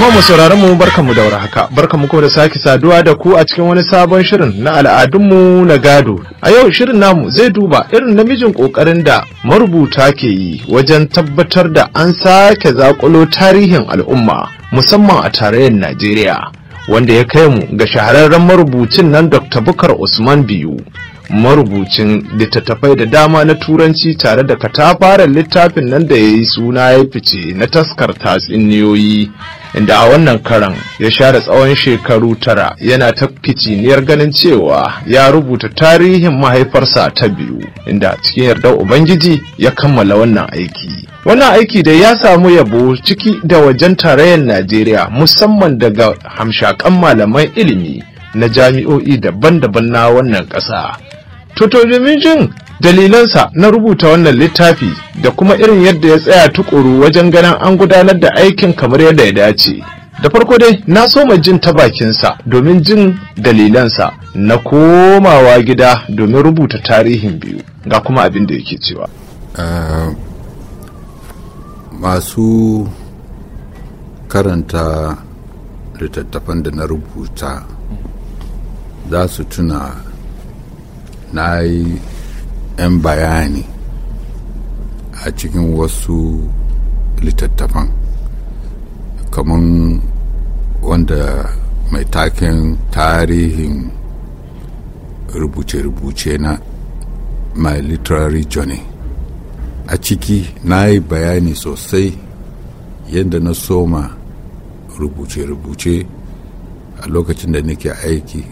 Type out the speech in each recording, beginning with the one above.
Jama'a mu sauraron mu barkamu da warhaka. Barkamu kuma da sake saduwa da ku a cikin wani sabon shirin na al'adunmu na gado. A yau shirin namu zai duba irin namijin kokarin da marubuta ke yi wajen tabbatar da an sake zakulo tarihin al'umma musamman a tarayyar Najeriya. Wanda ya kai mu ga shahararren marubucin nan Dr. Bukar Usman Biyu marubucin littattafai da dama na turanci tare da katafaren littafin nan da ya yi suna ya fice na taskar tatsuniyoyi inda a wannan karan ya share tsawon shekaru tara yana ta kiciniyar ganin cewa ya rubuta tarihin mahaifarsa ta biyu inda cikin yarda ubangiji ya kammala wannan aiki wannan aiki da ya samu yabo ciki da wajen tarayyar najeriya musamman daga hamshakan malaman ilimi na jami'o'i daban-daban na wannan ƙasa to domin jin dalilansa na rubuta wannan littafi da kuma irin yadda ya tsaya tukuru wajen ganin an gudanar da aikin kamar yadda ya dace. Da farko dai na soma jin ta bakinsa domin jin dalilansa na komawa gida domin rubuta tarihin biyu ga kuma abin da yake cewa. Ah, masu karanta littattafan da na rubuta za su tuna na yi 'yan bayani a cikin wasu littattafan kamar wanda mai taken tarihin rubuce-rubuce na my literary journey a ciki na yi bayani sosai yadda na soma rubuce-rubuce a lokacin da nake aiki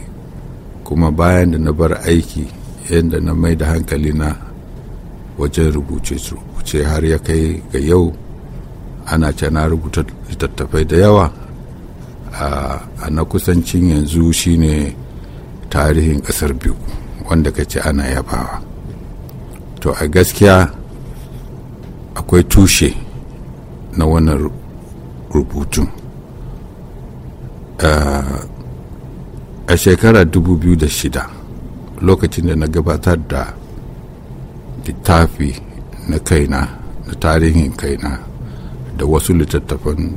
kuma bayan da na bar aiki yadda na mai da hankali na wajen rubuce-rubuce su har ya kai ga yau ana ce na rubuta littattafai da yawa a na kusancin yanzu shine tarihin kasar biyu wanda ka ce ana yabawa to a gaskiya akwai tushe na wannan rubutun a shekarar 2006 lokacin da na gabatar da littafi na kaina na tarihin kaina da wasu littattafan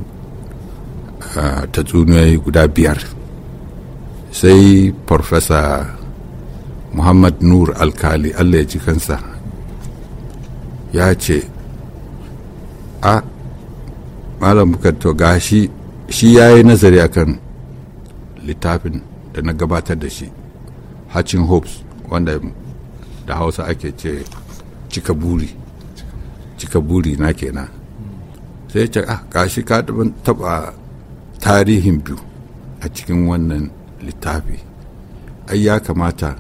tatsuniyoyi guda biyar sai farfesa muhammad nur alkali allah ya ji kansa ya ce a malam bukato gashi shi ya yi nazari akan littafin da na gabatar da shi hatching hopes wanda da hausa ake ce cika buri cika buri na kenan sai ce ah gashi ka taba tarihin biyu a cikin wannan littafi ai ya kamata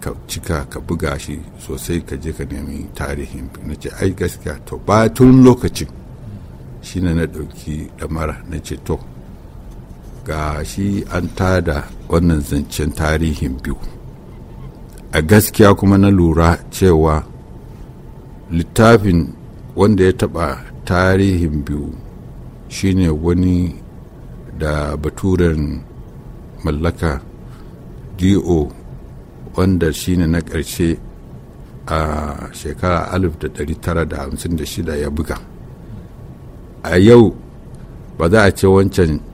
ka cika ka buga shi sosai ka je ka nemi tarihin biyu na ce ai gaskiya to ba tun lokacin shine na ɗauki ɗamara na ce to ga shi an tada wannan zancen tarihin biyu a gaskiya kuma na lura cewa littafin wanda ya taɓa tarihin biyu shine wani da baturen mallaka do wanda shine na ƙarshe a shekara 1956 ya buga a yau ba za a ce wancan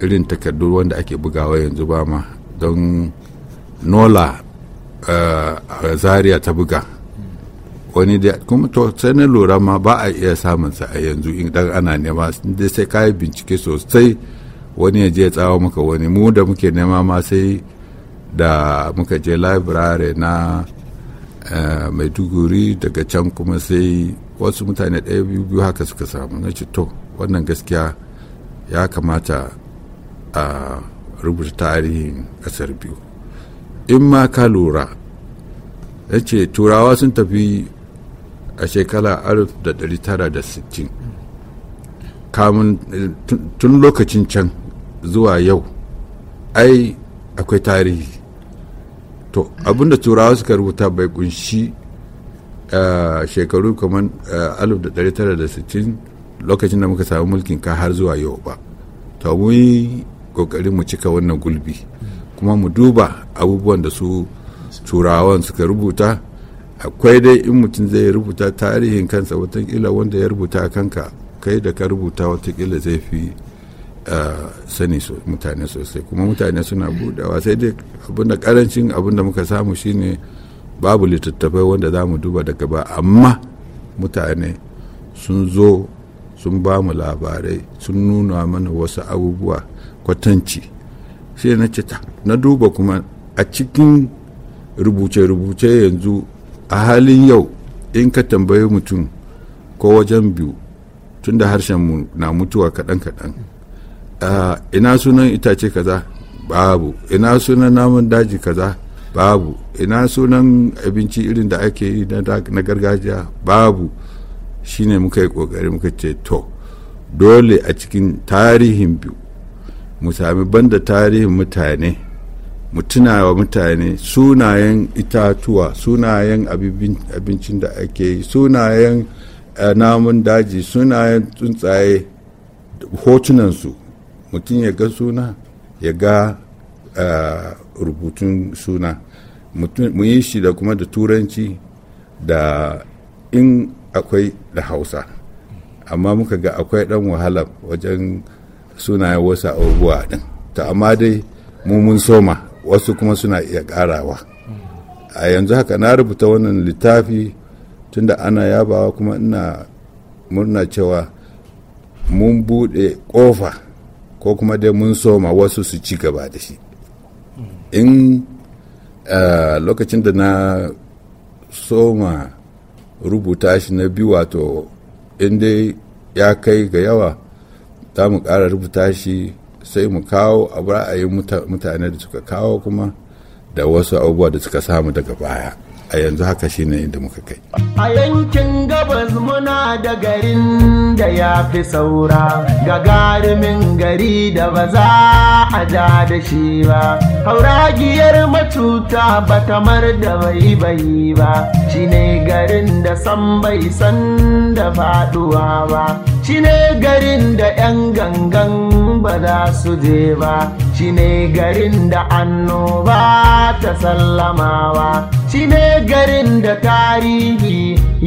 irin takardu wanda ake bugawa yanzu ba ma don nola a eh, zaria ta buga wani da kuma to sai na lura ma ba a iya samun sa a yanzu idan ana nema dai sai kayi bincike sosai wani ya je ya tsawo maka wani mu da muke nema ma sai da muka je library na eh, duguri daga can kuma sai wasu mutane ɗaya biyu haka suka samu na ce to wannan gaskiya ya kamata a rubuta tarihin ƙasar biyu in ma ka lura ya ce turawa sun tafi a shekara 1960 kamun tun lokacin can zuwa yau ai akwai tarihi to abinda turawa suka rubuta bai kunshi shekaru kamar 1960 lokacin da muka samu mulkin ka har zuwa yau ba to muyi kokarin mu cika wannan gulbi kuma mu duba abubuwan da su turawan suka rubuta akwai dai in mutum zai rubuta tarihin kansa watakila wanda ya rubuta kanka kai da ka rubuta watakila zai fi sani mutane sosai kuma mutane suna budawa sai dai abinda karancin abinda muka samu shine babu littattafai wanda za mu duba daga ba amma mutane sun zo sun ba mu labarai sun nuna mana wasu abubuwa kwatanci sai na ce na duba kuma a cikin rubuce-rubuce yanzu a halin yau in ka tambayi mutum ko wajen biyu tun da harshen mu na mutuwa kaɗan-kaɗan ina sunan itace kaza babu ina sunan namun daji kaza babu ina sunan abinci irin da ake yi na gargajiya babu shine muka yi ƙoƙari muka ce to dole a cikin tarihin biyu mu sami banda tarihin mutane mu tuna wa mutane sunayen itatuwa sunayen abincin da ake yi sunayen eh, namun daji sunayen tsuntsaye hotunansu mutum ya ga suna ya ga eh, rubutun suna mu yi shi da kuma da turanci da in akwai da hausa amma muka ga akwai dan wahala wajen sunayen wasu abubuwa din to amma dai mu mun soma wasu kuma suna iya karawa a yanzu haka na rubuta wannan littafi tunda ana yabawa kuma ina murna cewa mun bude kofa ko kuma dai mun soma wasu su ci gaba da shi in eh, lokacin da na soma rubuta shi na biyu wato in ya kai ga yawa za mu ƙara rubuta shi sai mu kawo a ra'ayin mutane da suka kawo kuma da wasu abubuwa da suka samu daga baya a yanzu haka shi ne inda muka kai a yankin gabas muna da garin da ya fi saura ga garimin gari da ba za a ja da shi ba hauragiyar matuta ba tamar da bai bai ba shi ne garin da san bai san da faɗuwa ba shine garin da 'yan gangan ba za su je ba shine garin da annoba ta sallamawa shine garin da tarihi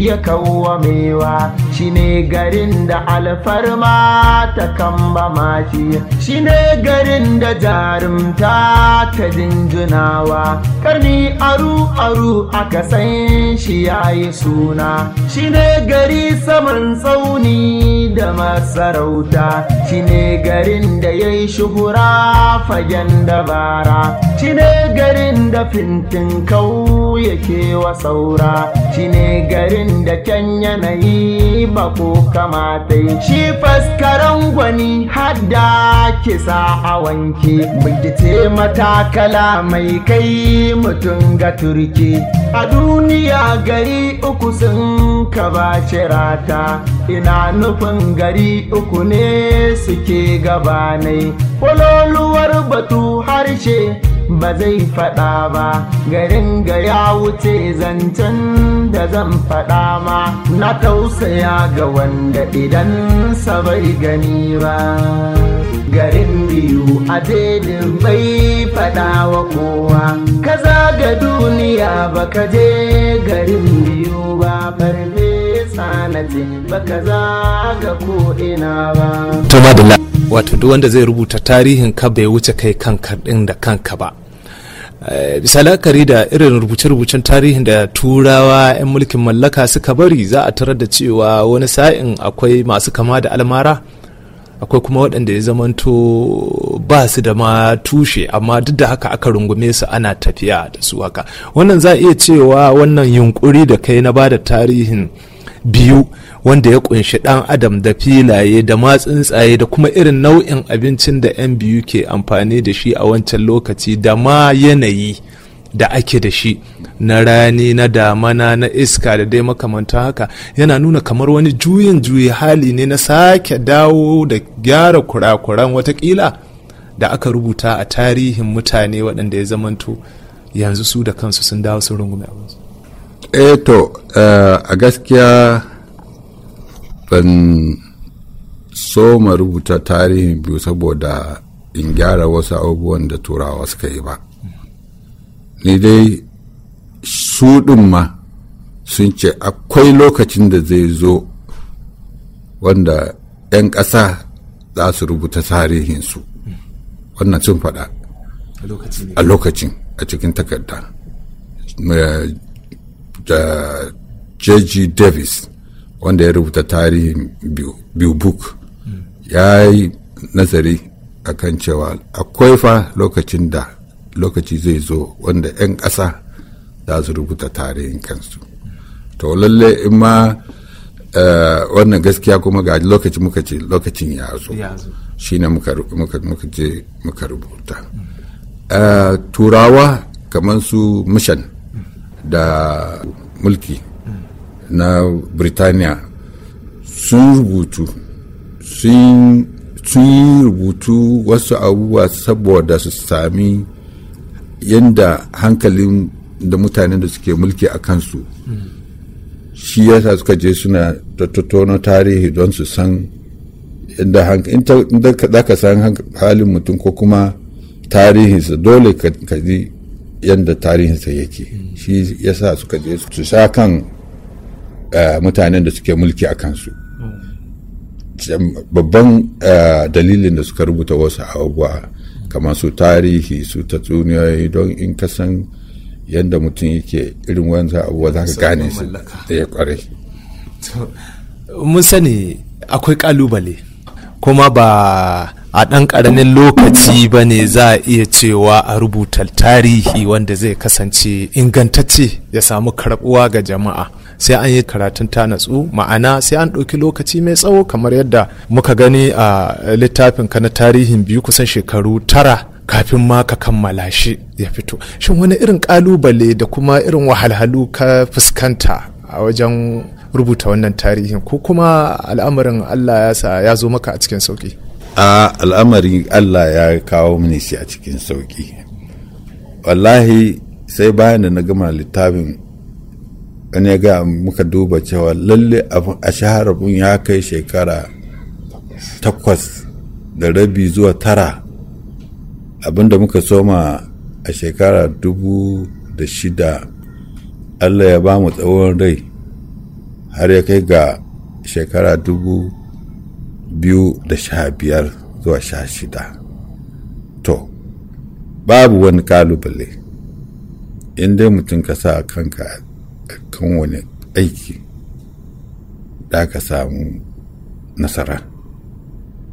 ya kawo mewa shine garin da alfarma ta kamba mashi shine garin da jarumta ta jinjunawa karni aru aru aka san shi yayi suna shine gari saman tsauni da masarauta shine garin da yayi shuhura fagen dabara shine garin da fintin kau yake wa saura shine garin da kyan yanayi bako kamata shi faskaran gwani hadda kisa a wanke bigice matakala mai kai mutum ga turki a duniya gari uku sun kaba rata ina nufin gari uku ne suke gabanai kwaloluwar batu harshe ba zai faɗa ba garin ga ya wuce zancen da zan faɗa ma na tausaya ga wanda idan sa bai gani ba garin biyu a daidin bai faɗa wa kowa ka ga duniya ba ka je garin biyu ba farfesa na ba ka zaga ko ina ba wato duk wanda zai rubuta tarihin ka bai wuce kai kan ɗin da kanka ba Eh, bisa lakari da irin rubuce-rubucen tarihin da turawa 'yan mulkin mallaka suka bari za a tarar da cewa wani sa'in akwai masu kama da almara akwai kuma waɗanda ya zamanto ba su da ma tushe amma duk da haka aka rungume su ana tafiya da su haka wannan za a iya cewa wannan yunkuri da kai na ba da tarihin biyu wanda ya kunshi dan adam da filaye da matsuntsaye da kuma irin nau'in abincin da 'yan biyu ke amfani da shi a wancan lokaci da ma yanayi da ake da shi na rani na damana na iska da dai makamanta haka yana nuna kamar wani juyin juyi hali ne na sake dawo da gyara kurakuran watakila da aka rubuta a tarihin mutane waɗanda ya zamanto yanzu su da kansu sun dawo sun rungume abinsu Eto, eh, eh, a gaskiya ban so ma rubuta tarihin biyu saboda in gyara wasu abubuwan da turawa suka yi ba ni dai su ma sun ce akwai lokacin da zai zo wanda 'yan ƙasa za su rubuta tarihinsu wannan sun faɗa a lokacin a cikin takarda da J.G. Davis wanda ya rubuta tarihin biyu book ya yi nazari a kan cewa akwai fa lokacin da lokaci zai zo wanda 'yan ƙasa za su rubuta tarihin kansu to lalle in ma eh, wannan gaskiya kuma ga lokaci muka ce lokacin ya zo shi ne muka je muka rubuta eh, turawa kamar su mission da mulki na Birtaniya sun rubutu sun yi rubutu wasu abubuwa saboda su sami yadda hankalin da mutanen da suke mulki a kansu shi yasa suka je suna tattauno tarihi don su san yadda in da ka san halin mutum ko kuma tarihinsa dole ka ji yadda tarihinsa yake shi yasa suka je su sha kan eh, mutanen da suke mulki a kansu babban eh, dalilin da suka rubuta wasu abubuwa kamar su tarihi su tatsuniyoyi don in ka san yadda mutum yake irin wanzu abubuwa za ka gane su da ya kware mun sani akwai kalubale kuma ba a ɗan ƙaramin lokaci ba ne za a iya cewa a rubuta tarihi wanda zai kasance ingantacce ya samu karɓuwa ga jama'a sai an yi karatun ta natsu ma'ana sai an ɗauki lokaci mai tsawo kamar yadda muka gani a littafin ka na tarihin biyu kusan shekaru tara kafin ma ka kammala shi ya fito shin wani irin ƙalubale da kuma irin wahalhalu ka fuskanta a wajen rubuta wannan tarihin ko kuma al'amarin allah ya ya zo maka a cikin sauki a al'amari allah ya kawo mini shi a cikin sauki wallahi sai bayan da na gama littafin an ya ga muka duba cewa lalle a shaharabin ya kai shekara takwas da rabi zuwa tara abinda muka soma a shekara dubu da shida allah ya ba mu tsawon rai har ya kai ga shekara dubu biyu da sha biyar zuwa sha shida to babu wani kalubale in dai mutum ka sa kanka a kan wani aiki da ka samu nasara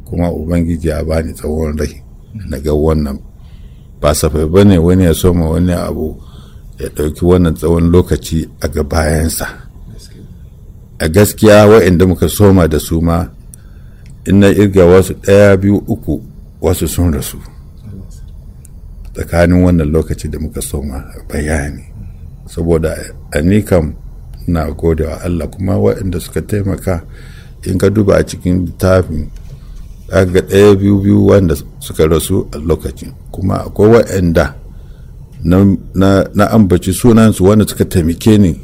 kuma ubangiji ya bani tsawon rai na ga wannan ba safai ba ne wani ya soma wani abu ya ɗauki wannan tsawon lokaci a ga bayansa a gaskiya wa'inda muka soma da su ma in na irga wasu ɗaya biyu uku wasu sun rasu tsakanin wannan lokaci da muka soma bayani saboda a ni kam na gode wa Allah kuma waɗanda suka taimaka in ka duba a cikin littafin ga ɗaya biyu biyu wanda suka rasu a lokacin kuma akwai waɗanda na ambaci sunansu wanda suka taimake ni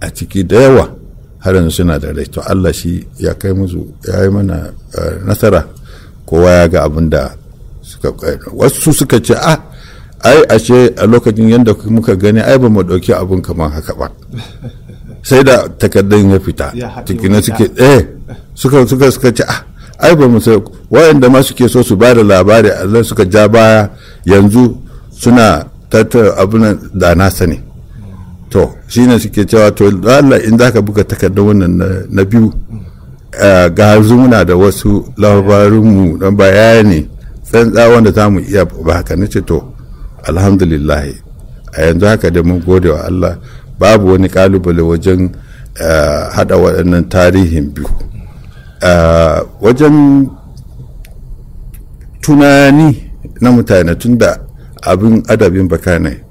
a ciki da yawa har yanzu suna da rai to Allah shi ya kai musu ya yi mana eh, nasara kowa ya ga abin da suka eh, wasu suka ce ah ai ashe a lokacin yadda muka gani ai ba mu ɗauki abin kamar haka ba sai da takardun ya fita tukina suke eh suka suka suka ce ah ai ba mu sai wayanda ma suke so su bada labari Allah suka ja baya yanzu suna tattara abin da na sani to shi ne suke cewa to Allah in za ka buga takardar wannan na biyu ga muna da wasu labarinmu don bayani tsantsa wanda za mu iya ba haka na ce to alhamdulillah a yanzu haka da mun gode wa Allah babu wani kalubale wajen hada waɗannan tarihin biyu wajen tunani na mutane tun da abin adabin baka ne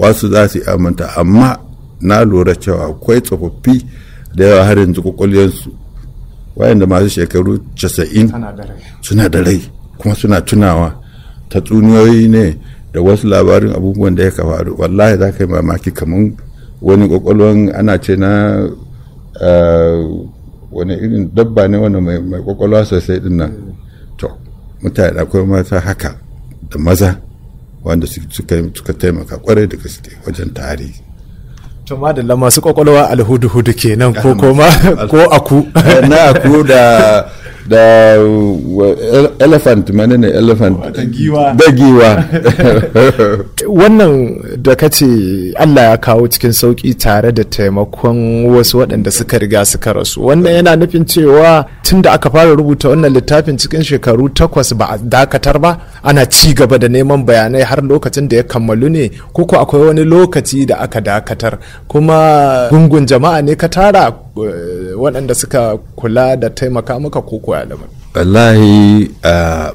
wasu za su amanta amma na lura cewa akwai tsofaffi da yawa har yanzu wayan wayanda masu shekaru 90 suna da rai kuma suna tunawa ta tsuniyoyi ne da wasu labarin abubuwan da ya faru wallahi za ka yi mamaki kamar wani kwakwalwan ana ce na eh, wani irin dabba ne wani mai kwakwalwa sosai din nan mm. to mutane akwai mata haka da maza wanda suka taimaka kwarai da gaske wajen tarihi da madalla masu kwakwalwa alhudu-hudu kenan ko koma ko aku na aku da da elephant mana ne elephant da giwa wannan da ka ce allah ya kawo cikin sauki tare da taimakon wasu waɗanda suka riga suka rasu wannan yana nufin cewa tun da aka fara rubuta wannan littafin cikin shekaru takwas ba a dakatar ba ana ci gaba da neman bayanai har lokacin da ya kammalu ne ko akwai wani lokaci da aka dakatar kuma gungun jama'a ne ka tara waɗanda suka kula da taimaka maka ko kuwa alamar wallahi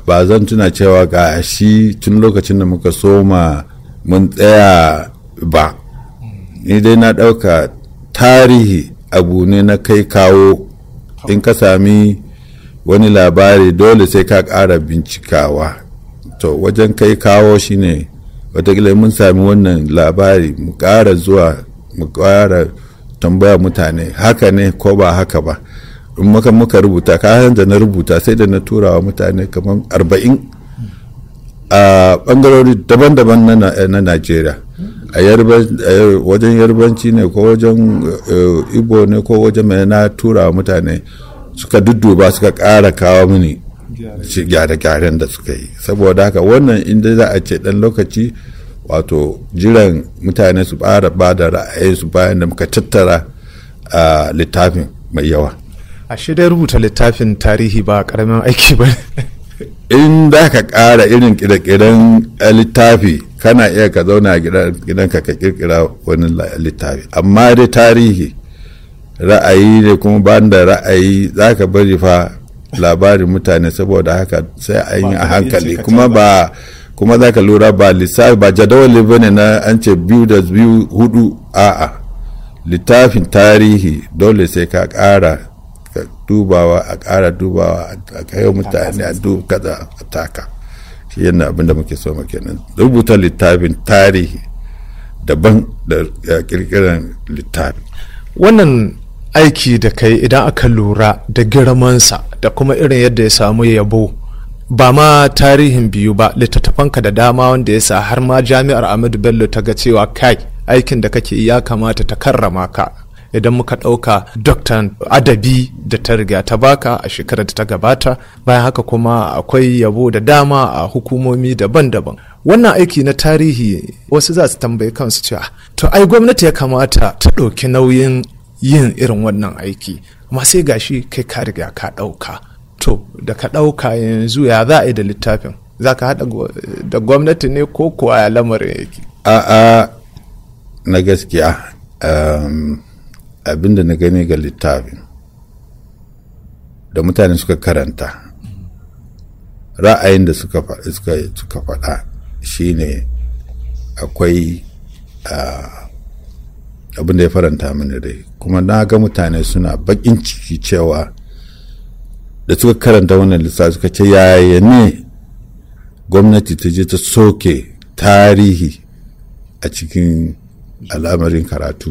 ba zan tuna cewa ga shi tun lokacin da muka soma mun tsaya ba ni dai na ɗauka tarihi abu ne na kai kawo in ka sami wani labari dole sai ka ƙara bincikawa to wajen kai kawo shine wataƙila mun sami wannan labari mu ƙara zuwa mu ƙara tambaya mutane haka ne ko ba haka ba in muka muka rubuta kayan da na rubuta sai da na tura wa mutane kamar arba'in a bangarori daban-daban na najeriya a wajen yarbanci ne ko wajen eh, igbo ne ko wajen mai na tura wa mutane suka dudduba suka kara kawo mini gyare-gyaren da suka yi saboda haka wannan inda za a ce dan lokaci wato jiran mutane su fara bada da ra'ayinsu bayan da muka tattara a littafin mai yawa a shidai rubuta littafin tarihi ba karamin aiki ba in da ka ƙara irin ƙirƙiren eh, littafi kana iya ka zauna a gidanka ka ƙirƙira wani littafi amma dai tarihi ra'ayi ne kuma ban da ra'ayi za ka bari fa labarin mutane saboda haka sai a yi a hankali kuma ba kuma za ka lura ba lissafi ba jadawali ba ne na an ce biyu da biyu hudu a'a littafin tarihi dole sai ka ƙara dubawa a ƙara dubawa a kai mutane a duk da a taka shi yana abin muke so muke nan rubuta littafin tarihi daban da kirkiran littafi wannan aiki da kai idan aka lura da girmansa da kuma irin yadda ya samu yabo ba ma tarihin biyu ba littattafanka da dama wanda ya sa har ma jami'ar Ahmadu Bello ta ga cewa kai aikin da kake ya kamata ta karrama ka idan muka ɗauka doktan adabi da ta riga ta baka a shekarar da ta gabata bayan haka kuma akwai yabo da dama a hukumomi daban-daban wannan aiki na tarihi wasu za su tambayi kansu cewa to ai gwamnati ya kamata ta ɗauki nauyin yin irin wannan aiki amma sai gashi kai ka riga ka ɗauka to da ka ɗauka yanzu ya za a yi da littafin za ka haɗa da gwamnati ne ko kuwa ya lamarin yake a'a na gaskiya um, abinda na gani ga littafin da mutane suka karanta ra'ayin da suka faɗa shine akwai uh, abin da ya faranta mini rai kuma na ga mutane suna baƙin ciki cewa da suka karanta wannan lissafi suka ce yaya ne gwamnati ta je ta soke tarihi a cikin al'amarin karatu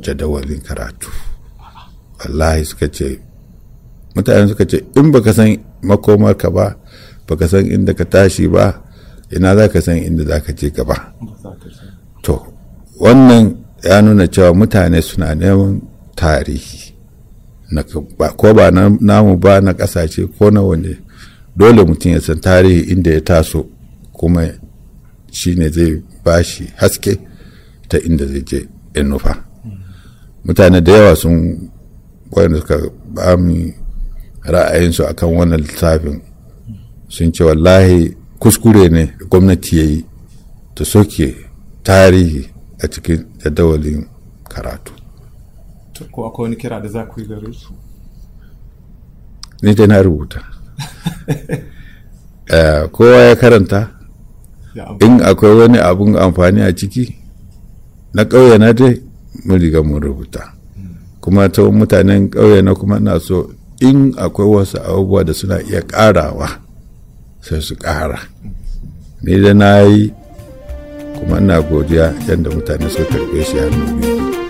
jadawalin karatu wallahi suka ce mutane suka ce in baka san makomarka ba baka san inda ka tashi ba ina za ka san inda za ka je gaba to wannan ya nuna cewa mutane suna neman tarihi ko ba namu ba na kasashe ko na wanda dole mutum ya san tarihi inda ya taso kuma shi ne zai bashi haske ta inda zai je in nufa mutane da yawa sun wanda suka bami ra'ayinsu akan wannan littafin sun ce wallahi kuskure ne gwamnati ya yi ta soke tarihi a cikin jadawalin karatu ko akwai wani kira da za ku yi gare su ni dai na rubuta eh, kowa ya karanta in akwai wani abun amfani a ciki na ƙauye na dai mun riga mun rubuta hmm. kuma ta mutanen ƙauye na kuma na so in akwai wasu abubuwa da suna iya ƙarawa sai su ƙara ni da na yi kuma ina godiya yadda mutane suka karbe shi hannu biyu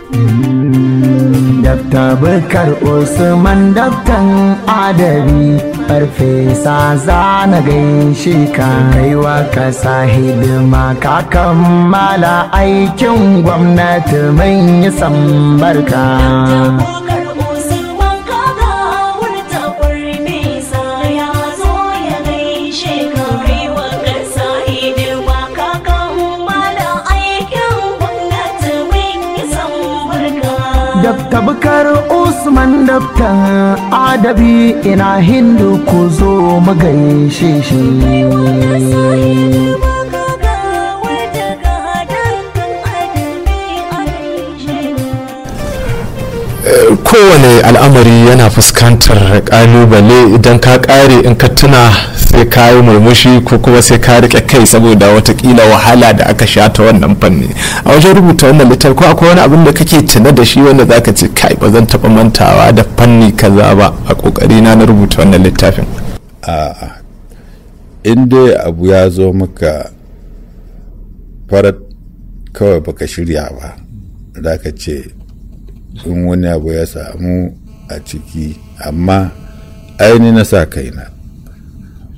Daftar Bukar Usman daktan adabi farfesa zana gaishe ka kaiwa kasa hidima ka kammala aikin gwamnati mai yi sambarka. tabkar usman dafta adabi ina hindu ku zo mu gaishe shi kowane al'amari yana fuskantar kalubale idan ka kare in ka tuna sai ka yi murmushi ko kuma sai ka rike kai saboda watakila wahala da aka sha ta wannan fanni a wajen rubuta wannan littafi ko akwai wani abin da kake tuna da shi wanda zaka ce kai ba zan taba mantawa da fanni kaza ba a kokari na na rubuta wannan littafin a in dai abu ya zo maka farat kawai baka shirya ba zaka ce in wani abu ya samu a ciki amma aini na sa kaina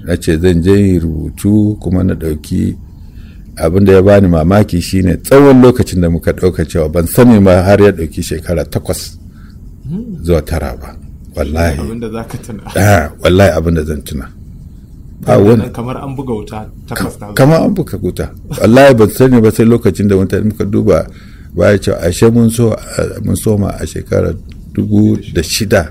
na ce zan je yi rubutu kuma na ɗauki abin da ya bani mamaki shine tsawon lokacin da muka ɗauka cewa ban sani ma har ya ɗauki shekara takwas zuwa tara ba wallahi abinda za ka tuna ah, wallahi abinda zan tuna ba wani kamar an buga wuta takwas kamar an buga wuta wallahi ban sani ba sai lokacin da wata muka duba baya cewa ashe mun so mun soma a shekara dubu da shida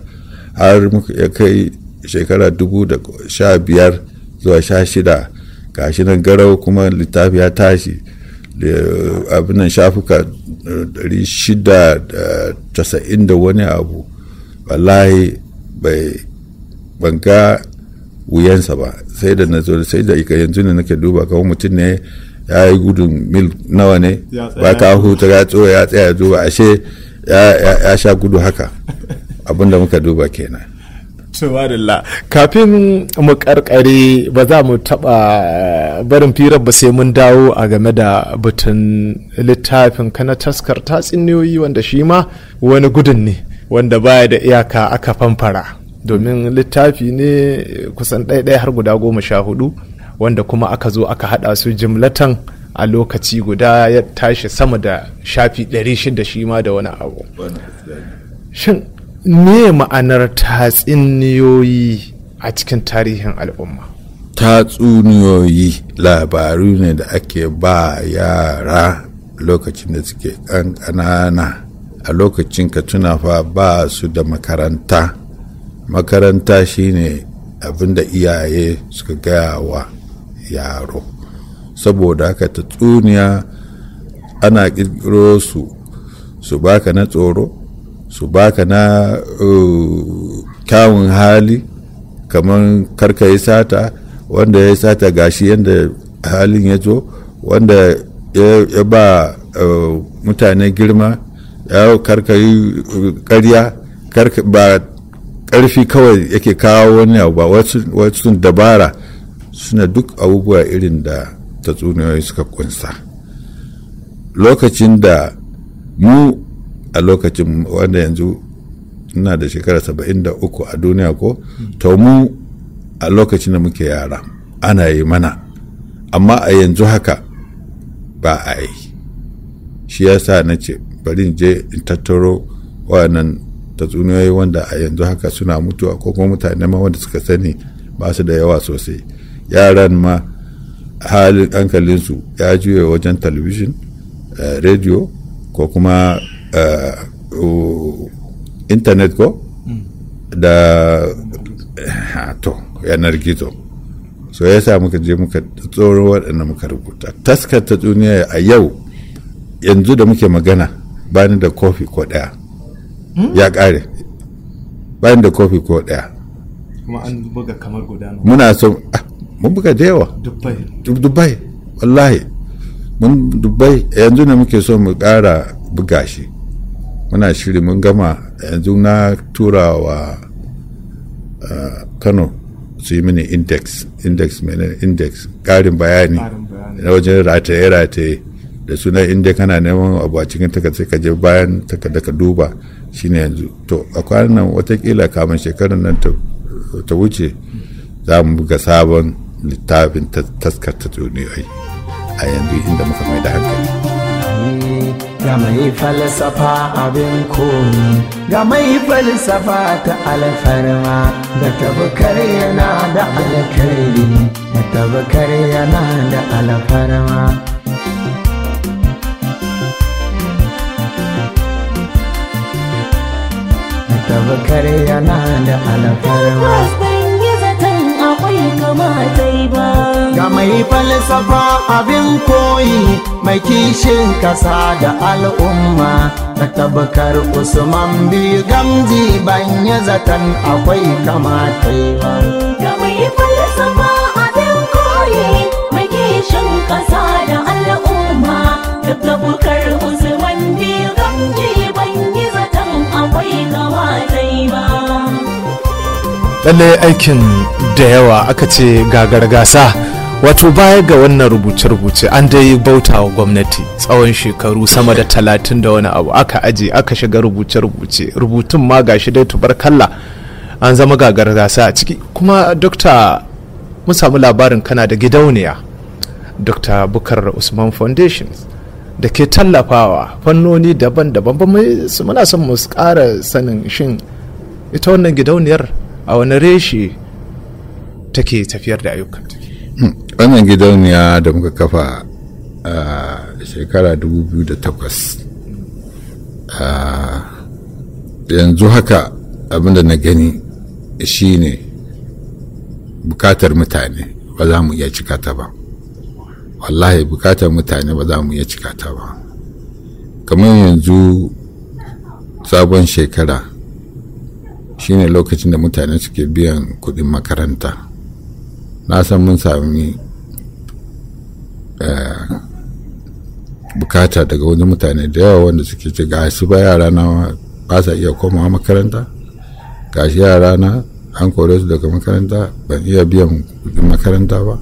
har muka ya kai shekara dubu da sha biyar zuwa sha shida gashi nan garau kuma littafi ya tashi abinan shafuka eh, shida da wani abu wallahi bai ban ga wuyansa ba sai da na zo sai da yanzu ne nake duba kawai mutum ne ya yi gudun mil nawa ne ba ka huta ya tsoya ya tsaya duba ashe ya sha gudu haka abinda muka duba kenan tumarilla kafin mu karkare ba za mu taba eh, barin firar ba sai mun dawo a game da butun littafin kana taskar tatsuniyoyi wanda shi ma wani gudun ne wanda baya da iyaka aka famfara domin littafi ne kusan ɗaya har guda goma sha hudu wanda kuma aka zo aka haɗa su jimlatan a lokaci guda ya tashi sama da shafi 600 shi ma da wani abu shin ne ma'anar tatsuniyoyi a cikin tarihin al'umma tatsuniyoyi labaru ne da ake ba yara lokacin da suke ƙanƙanana a lokacin ka tuna ba su da makaranta makaranta shine abinda iyaye suka gaya wa yaro saboda haka ta tsuniya ana kirkiro su su baka na tsoro su baka na eh, kyawun hali kamar karka yi sata wanda ya sata gashi yadda halin ya zo wanda ya ba eh, mutane girma ya karka yi karya eh, ba karfi kawai yake kawo wani abu ba wasu dabara suna duk abubuwa irin da tatsuniyoyi suka kunsa lokacin da mu a lokacin wanda yanzu ina da shekara 73 a duniya ko to mu a lokacin da muke yara ana yi mana amma a yanzu haka ba a yi shi ya sa na ce bari je in tattaro waɗannan tatsuniyoyi wanda a yanzu haka suna mutuwa ko kuma mutane ma wanda suka sani ba su da yawa sosai yaran ma halin hankalinsu ya juya wajen talabijin eh, rediyo ko kuma eh, intanet ko mm. da to yanar gizo so ya sa muka je muka tsoro waɗanda muka rubuta taskar ta duniya a yau yanzu da muke magana bani da kofi ko ɗaya hmm? ya ƙare bani da kofi ko ɗaya muna son ah, mun buga da yawa dubbai wallahi mun dubbai yanzu ne muke so mu kara buga shi muna shiri mun gama yanzu na tura wa eh, kano su yi mini index index mene index karin bayani na wajen rataye-rataye da suna inda kana neman abu a cikin takarda sai ka je bayan takarda ka duba shine yanzu to a kwanan nan watakila kamar shekarar nan ta wuce za mu buga sabon littafin taskar tatsuniyoyi a yanzu inda muka mai da hankali. Ga mai falsafa abin koyi, ga mai falsafa ta alfarma, da tabakar yana da alkhairi, da tabakar yana da alfarma. tabakar yana da alfarma kamatai ba ga mai falsafa abin koyi mai kishin kasa da al'umma da tabbakar usman biyu gamji banyi, zaton akwai kamatai ba ga mai falsafa abin koyi mai kishin kasa da al'umma da tabbakar usman biyu gamji ban zaton akwai kamatai ba lallai aikin da yawa aka ce gagar gasa wato baya ga wannan rubuce-rubuce an dai bauta wa gwamnati tsawon shekaru sama da talatin da wani abu aka aje aka shiga rubuce-rubuce rubutun ma ga shi dai tubarkalla an zama gagar gasa a ciki kuma dokta mun samu labarin kana da gidauniya dr bukar usman foundation da ke tallafawa fannoni daban-daban ba muna son mu ƙara sanin shin ita wannan gidauniyar a wani reshe take tafiyar da ayyukanta hmm. wannan gidauniya da muka kafa a shekara 2008 yanzu haka abinda na gani shine bukatar mutane ba za mu iya cika ta ba wallahi bukatar mutane ba za mu iya cika ta ba kamar yanzu sabon shekara shine lokacin da mutane suke biyan kuɗin makaranta na san mun sami eh, bukata daga wani mutane da yawa wanda suke ce ga su ba yara na ba sa iya komawa makaranta ga shi yara na an kore su daga makaranta ban iya biyan kuɗin makaranta ba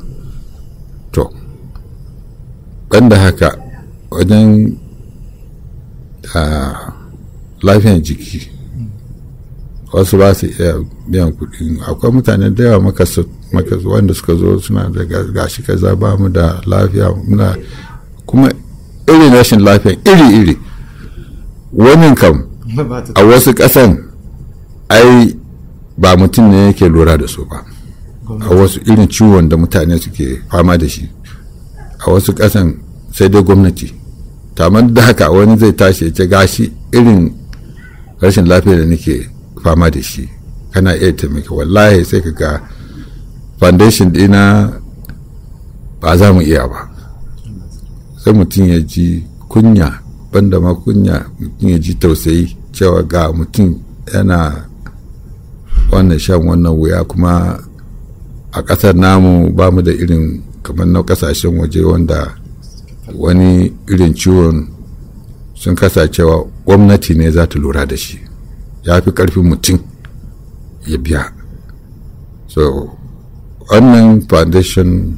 to ban da haka wajen ah, lafiyan jiki wasu ba su iya biyan kuɗi akwai mutane da yawa maka wanda suka zo suna da gashi kaza ba mu da lafiya muna kuma irin rashin lafiya iri-iri wani kam a wasu kasan ai ba mutum ne yake lura da su ba a wasu irin ciwon da mutane suke fama da shi a wasu ƙasan sai dai gwamnati tamar da haka wani zai tashi ce gashi irin rashin lafiya da nake fama da shi kana iya taimaka wallahi sai ka ga foundation dina ba za mu iya ba sai mutum ya ji kunya banda ma kunya mutum ya ji tausayi cewa ga mutum yana wannan shan wannan wuya kuma a ƙasar namu ba mu da irin kamar na ƙasashen waje wanda wani irin ciwon sun kasa cewa gwamnati ne za ta lura da shi ya fi ƙarfin mutum ya biya so wannan foundation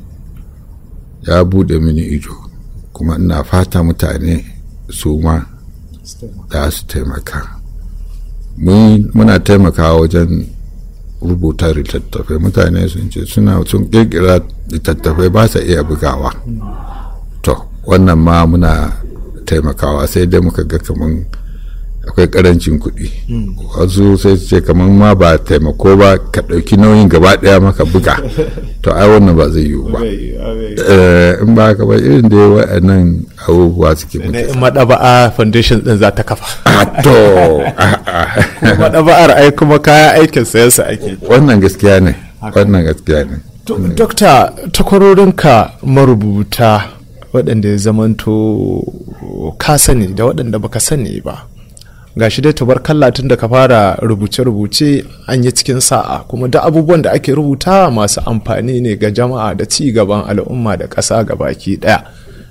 ya bude mini ido kuma ina fata mutane su ma da su taimaka muna taimakawa wajen rubuta littattafai mutane sun ce suna sun kirkira littattafai ba sa iya bugawa to wannan ma muna taimakawa sai dai muka ga kamar. akwai karancin kuɗi hmm. wasu sai ce kamar ma ba taimako ba ka ɗauki nauyin gaba ɗaya maka buga to ai wannan ba zai yiwu ba eh, in ba ka ba irin da nan abubuwa suke mutu in a foundation ɗin za ta kafa ah, to a ah, ah. ai kuma kayan aikin sayan su ake wannan gaskiya ne wannan gaskiya ne dokta takwarorin ka marubuta waɗanda ya zamanto ka sani da waɗanda baka sani ba gashi dai tabarkalla tun da ka fara rubuce-rubuce an yi cikin sa'a kuma da abubuwan da ake rubuta masu amfani ne ga jama'a da ci gaban al'umma da ƙasa ga baki ɗaya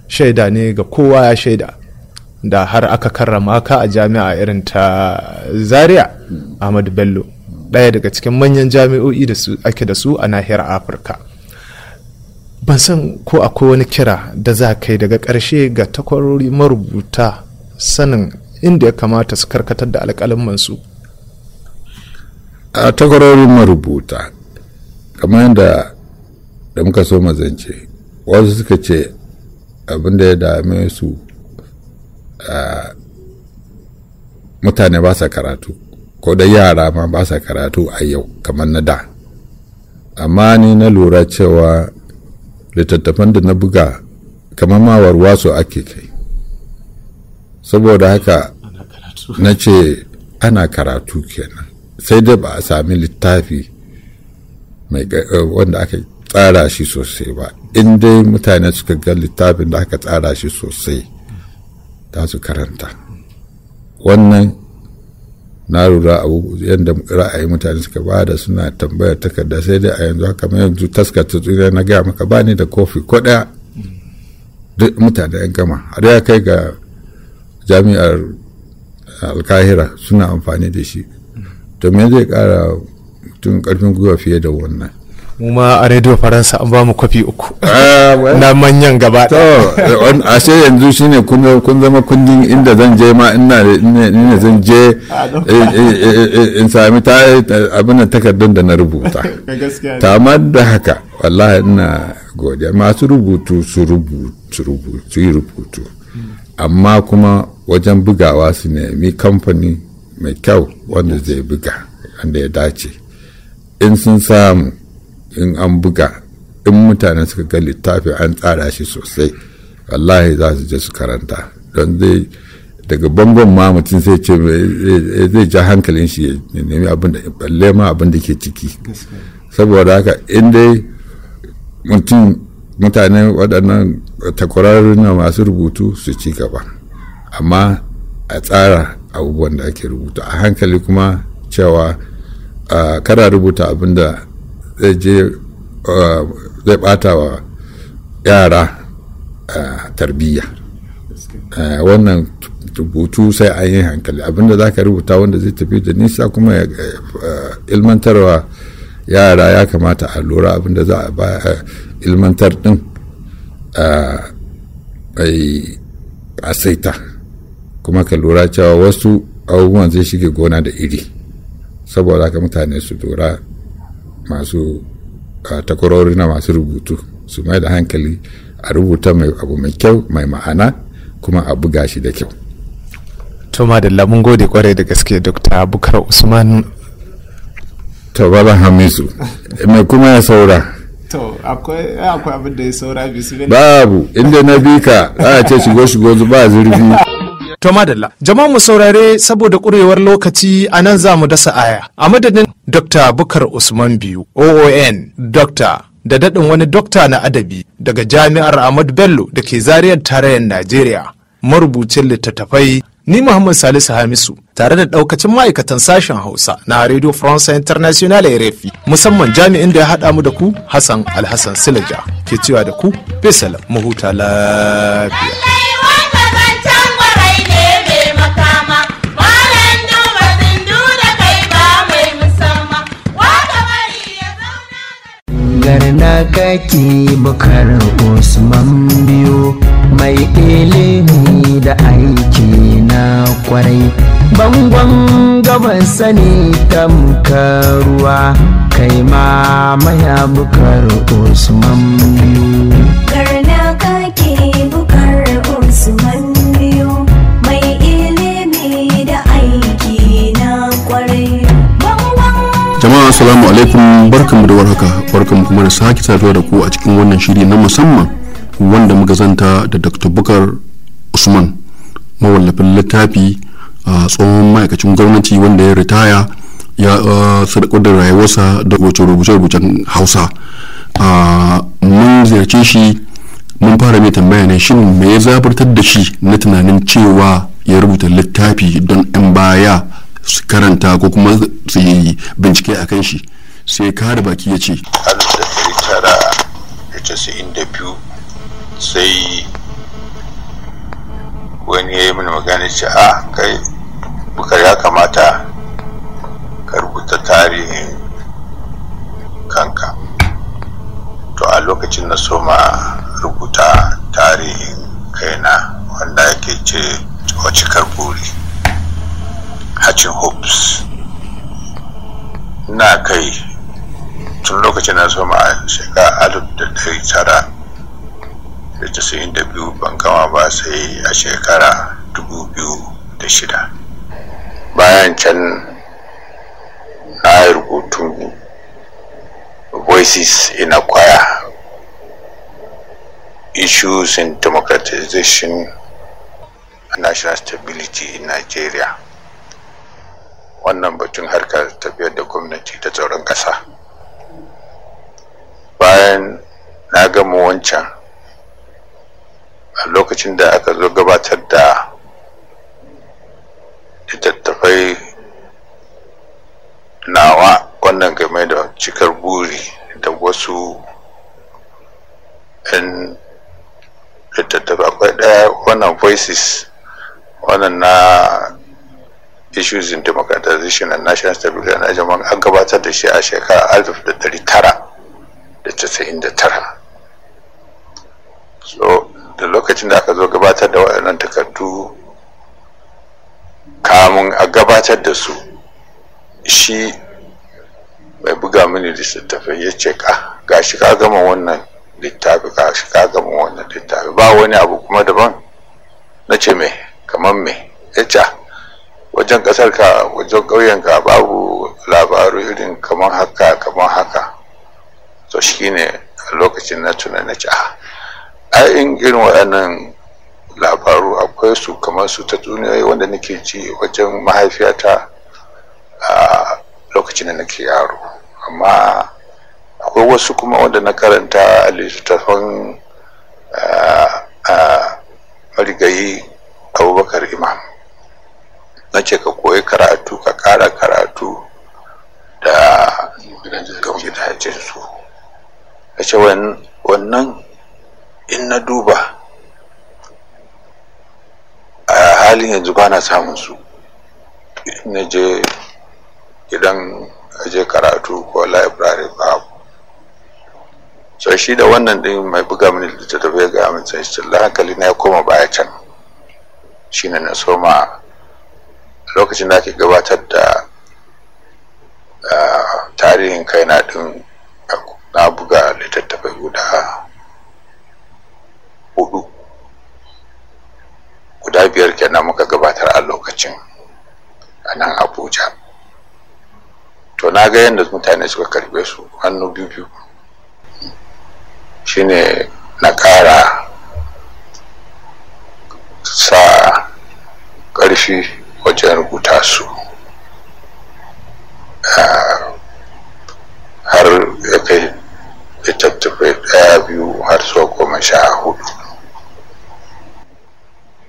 shaida ne ga kowa ya shaida da har aka karrama ka a jami'a irin ta zaria ahmadu bello ɗaya daga cikin manyan jami'o'i da su ake da su a nahiyar afirka ban san ko akwai wani kira da za kai daga ƙarshe ga takwarori marubuta sanin inda ya kamata su karkatar da alƙalin a takwarorin marubuta kamar yadda da muka so mazance wasu suka ce abin da ya dame su mutane ba sa karatu ko da yara ma ba sa karatu a yau kamar na da amma ni na lura cewa littattafan da na buga kamar mawar wasu ake kai saboda haka na ce ana karatu kenan sai dai ba a sami littafi mai eh, wanda aka tsara shi sosai ba in dai mutane suka ga littafin da aka tsara shi sosai ta su karanta wannan na lura abu yadda ra'ayi mutane suka ba da suna tambayar takarda sai dai a yanzu haka mai yanzu taskata tsira na gaya maka bani da kofi ko daya duk mutane yan gama har ya kai ga jami'ar alkahira suna amfani da shi to me zai kara tun karfin gwiwa fiye da wannan mu ma a radio faransa an ba mu kwafi uku ah, na manyan gaba to ashe eh, yanzu shine kun kun zama kundin inda zan je ma ina ne zan je ah, eh, eh, in sami ta abin da takardun da na rubuta ta amma da haka wallahi ina godiya masu rubutu su rubutu su rubutu amma kuma wajen bugawa su nemi kamfani mai kyau wanda zai buga wanda ya dace in sun samu in an buga in mutane suka ga littafi an tsara shi sosai wallahi za su je su karanta don zai daga bangon ma mutum sai ce zai ja hankalin shi ya nemi abin da balle ma abin da ke ciki saboda haka in dai mutum mutane waɗannan na masu rubutu su ci gaba amma a tsara abubuwan da ake rubuta a hankali kuma cewa kara rubuta abin da zai je zai bata wa yara tarbiyya wannan rubutu sai an yi hankali abinda za ka rubuta wanda zai tafi da nisa kuma ilmantarwa yara ya kamata a lura abin da za a ba a ilmantar din a saita kuma ka lura cewa wasu abubuwan zai shige gona da iri saboda ka mutane su lura masu takwarori na masu rubutu su mai da hankali a rubuta mai abu mai kyau mai ma'ana kuma a buga shi da kyau tuma da lamun gode kwarai da gaske dr abubakar usman tabara hamisu mai kuma ya saura to akwai akwai abin da ya saura bisu babu inda na bika. ka za a ce shigo shigo ba zurfi To madalla, jama'a mu saurare saboda ƙurewar lokaci a nan za mu dasa aya. A madadin Dr. Bukar Usman Biyu, OON, Dr. da daɗin wani dokta na adabi daga Jami'ar Ahmad Bello da ke zariyar tarayyar Najeriya, marubucin littattafai ni Muhammad Salisu Hamisu tare da ɗaukacin ma'aikatan sashen Hausa na Radio France International RFI musamman jami'in da ya haɗa mu da ku Hassan Alhassan Silaja ke cewa da ku Faisal mahuta lafiya. garna kaki bukar usman biyu mai ilimi da aiki na kwarai bangon gaban sani tamka ruwa kai ma maya bukar usman biyu assalamu alaikum mu da warhaka barkanmu kuma da sake saduwa da ku a cikin wannan shiri na musamman wanda muka zanta da dr bukar usman mawallafin littafi a tsohon ma'aikacin gwamnati wanda ya ritaya ya sadaukar da rayuwarsa da wace rubuce-rubucen hausa mun ziyarce shi mun fara mai tambaya ne shin me ya zabartar da shi na tunanin cewa ya rubuta littafi don 'yan baya su karanta ko kuma su yi bincike a kan shi sai kare baki ya ce biyu sai wani ya yi mini magana ce a ah, kai bukari ya kamata Na kai tun lokacin na soma a shekara alif da da da biyu ban gama ba sai a shekara dubu biyu da shida bayan can na yi rubutu voices in a choir issues in democratization and national stability in nigeria wannan batun harkar tafiyar da gwamnati ta tsoron ƙasa bayan na gama wancan a lokacin da aka zo gabatar da littattafai nawa wannan game da cikar buri da wasu 'yan littattafai akwai ɗaya wannan voices wannan na issues in democratization and national stability and ajaman an gabatar da shi a shekara alif da tara da casa'in da tara so da lokacin da aka zo gabatar da waɗannan takardu kamun a gabatar da su shi mai buga mini littattafai ya ce ka ah, ga shi ka gama wannan littafi ka shi ka gama wannan littafi ba wani abu kuma daban na ce me kamar me ya ce ah, wajen kasar ka wajen kauyen ka babu labaru irin kamar haka kamar haka to shine lokacin na tunani na ci ah, a in irin waɗannan labaru akwai su kamar su ta duniya wanda nake ji wajen mahaifiyata a lokacin da nake yaro amma akwai wasu kuma wanda na karanta a littattafan marigayi abubakar imam na ce ka koyi karatu ka kara karatu da gidajensu a ce wannan in na duba a halin yanzu ba na samun su na je gidan aje karatu ko library babu so shi da wannan din mai buga mini littattafai ga amince shi hankali na ya koma baya can shine na soma lokacin da ake gabatar da ah, tarihin kai na ɗin na buga littattafai guda hudu guda biyar kenan muka gabatar a lokacin a nan abuja to na ga yadda mutane suka karbe su hannu biyu biyu shine na ƙara sa ƙarfi wajen rubuta su ah, har ya kai littattafai ɗaya biyu har so goma sha hudu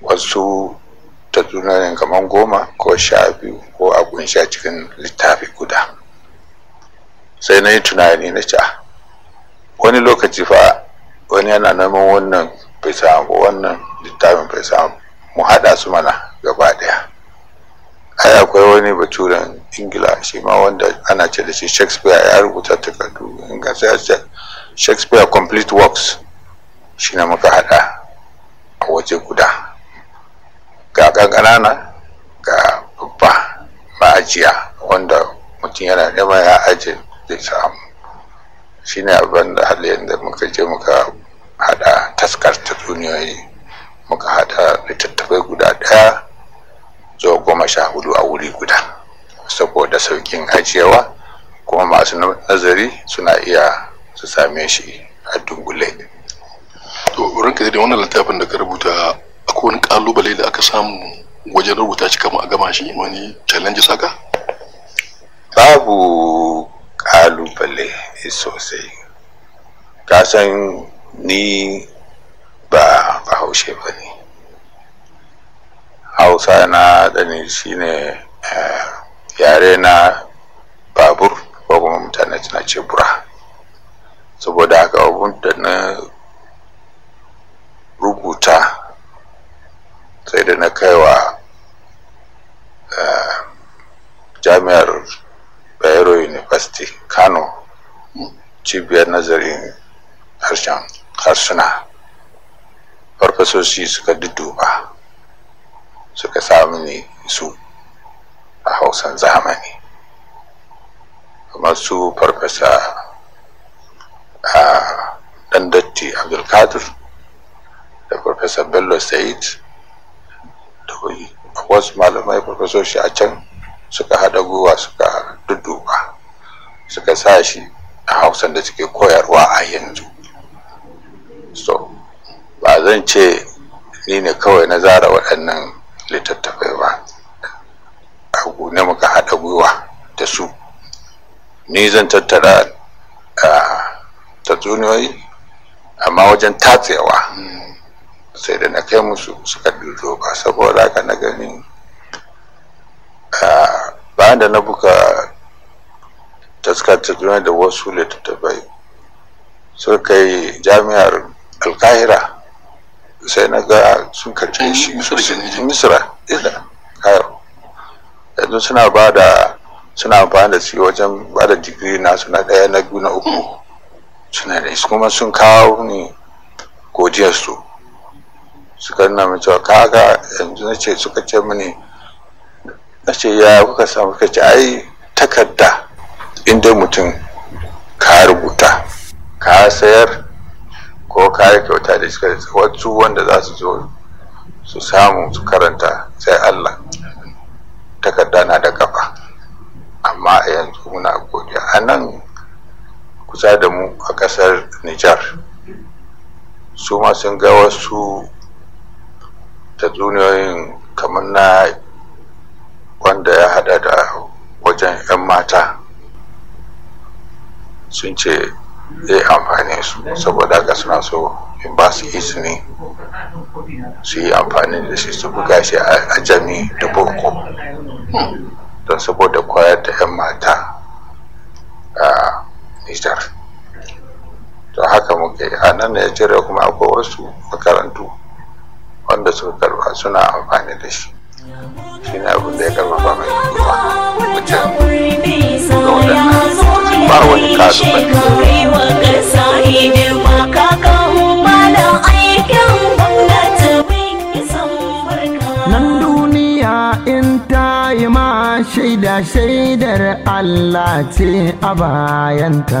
wasu ta kamar goma ko sha biyu ko a kunsha cikin littafi guda sai na yi tunani na ca ah, wani lokaci fa wani yana neman wannan bai samu wannan littafin bai samu mu haɗa su mana gaba ɗaya ai akwai wani baturen ingila shi ma wanda ana ce da shi shakespeare ya rubuta takardu in ga sai shakespeare complete works shi na muka hada a waje guda ga kankanana ga babba ma'ajiya wanda mutum yana nema ya aje zai samu shi ne abin da halayen da muka je muka hada taskar ta duniyoyi muka hada littattafai guda daya zuwa goma sha hudu a wuri guda saboda saukin ajiyewa kuma masu nazari suna iya su same shi a dungule to ka da wannan littafin da ka rubuta akwai wani kalubale da aka samu wajen rubuta shi kama a gama shi wani challenge saka babu kalubale sosai ka san ni ba bahaushe ba ne hausa na ɗani shine eh, yare na babur ko kuma mutane na ce bura saboda haka abun da na rubuta sai da na kai wa eh, jami'ar bayero university kano cibiyar nazarin harshen harsuna farfasoshi suka duduba suka samu ne su a hausan zamani kamar su farfasa a dandatti datti abdulkadir da farfasa bello said da wasu malamai farfasoshi a can suka haɗa guwa suka dudduba suka sa shi a hausan da suke koyarwa a yanzu so ba zan ce ni ne kawai na zara waɗannan littattafai ba a gune muka haɗa gwiwa da su ni zan tattara tatsuniyoyi amma wajen tatsewa sai da na kai musu suka ba saboda haka na gani bayan da na buka taskar tatsuniyoyi da wasu littattafai suka kai jami'ar alkahira sai na ga sun karɓe shi misira ila yanzu suna ba da suna amfani da su wajen ba da digiri na suna ɗaya na biyu na uku hmm. suna da kuma sun kawo ni godiyarsu suka nuna min cewa kaga yanzu na ce suka ce mini na ce ya kuka samu kuka ce ai takarda inda mutum ka rubuta ka sayar ko kayan kyauta da suka wasu wanda za su zo su samu su karanta sai Allah takarda na da kafa amma a yanzu muna godiya a nan kusa da mu a ƙasar Nijar su ma sun ga wasu ta duniyoyin, kamar na wanda ya hada da wajen 'yan mata sun ce zai amfani su saboda haka suna so in ba su izini su yi amfani da shi su buga shi a jami da boko don saboda kwayar da 'yan mata a nijar to haka muke a nan da kuma akwai wasu makarantu wanda suka karba suna amfani da shi shi ne abin da ya karfafa mai wajen ba wani kasu in shaida shaidar Allah ce a bayanta.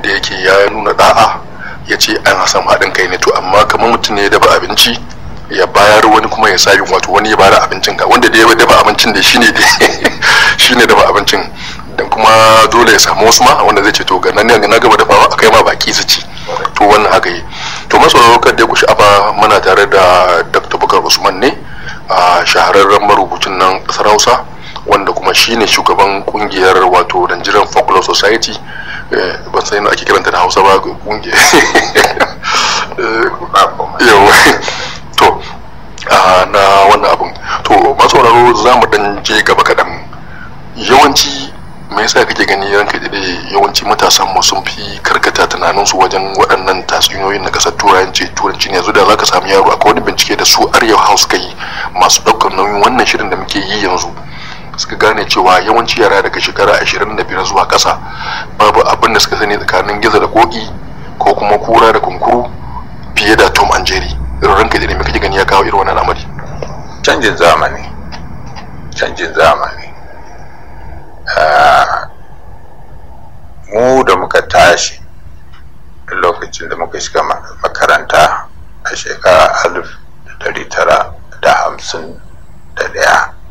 da yake ya nuna da'a ya ce an samu haɗin kai ne to amma kamar mutum ne ya ba abinci ya bayar wani kuma ya sabi wato wani ya bada abincin ka wanda da ya ba abincin da shine shine ba abincin da kuma dole ya samu wasu ma wanda zai ce to ga nan ne na gaba dafawa akai ma baki su ci to wannan haka yi to masauraro kar da ku sha'afa muna tare da Dr. Bukar Usman ne a shahararren marubucin nan kasar Hausa wanda kuma shine shugaban kungiyar wato Nigerian Folklore Society Eh, ban san ake kiranta da hausa ba kungiya eh, to na wannan abin to masu wani za mu dan je gaba kaɗan yawanci kake gani ranka da yawanci matasan mu sun fi karkata tunanin su wajen waɗannan tatsuniyoyi na kasar turanci turanci ne yanzu da zaka samu yaro akwai wani bincike da su Arya House kai masu ɗaukar nauyin wannan shirin da muke yi yanzu suka gane cewa yawanci yara daga shekara 25 zuwa ƙasa babu abin da suka sani tsakanin gizo da koki ko kuma kura da kunkuru fiye da tom an jeri irin kai da kake gani ya kawo irin wannan al'amari canjin zamani canjin zamani ah, mu da muka tashi lokacin da muka shiga makaranta a shekara alif da hamsin da daya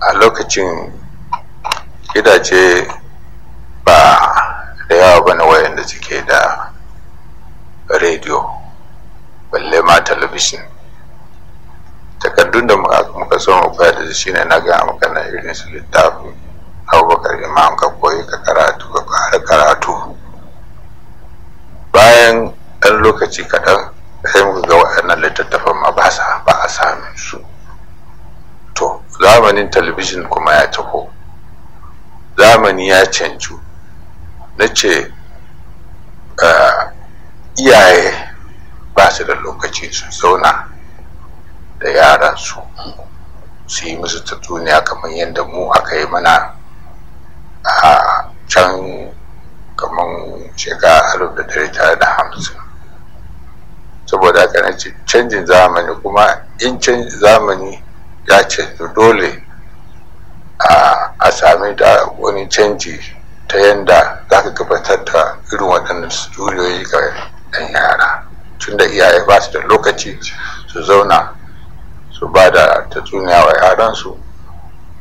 a lokacin gidaje ba da yawa bane wayanda suke da rediyo balle ma talabishin takardun da muka so mu koya da shi ne na gaya maka na irin su littafin, abubakar imam ka koyi ka karatu ka fara karatu bayan ɗan lokaci kaɗan sai muka ga waɗannan littattafan ma ba a sami su zamanin talabijin kuma ya taho zamani ya canju na ce ah, iyaye ba su da lokaci su zauna da yaransu su yi musu tatsuniya kamar yadda mu aka yi mana a can kamar shekara alif da dare tare da hamsin saboda haka na ce canjin zamani kuma in canjin zamani ya ce dole a sami da wani canji ta yadda za ka gabatar da irin waɗannan juriyoyi ga 'yan yara tunda iyaye ba su da lokaci su zauna su ba da tatsuniya wa yaransu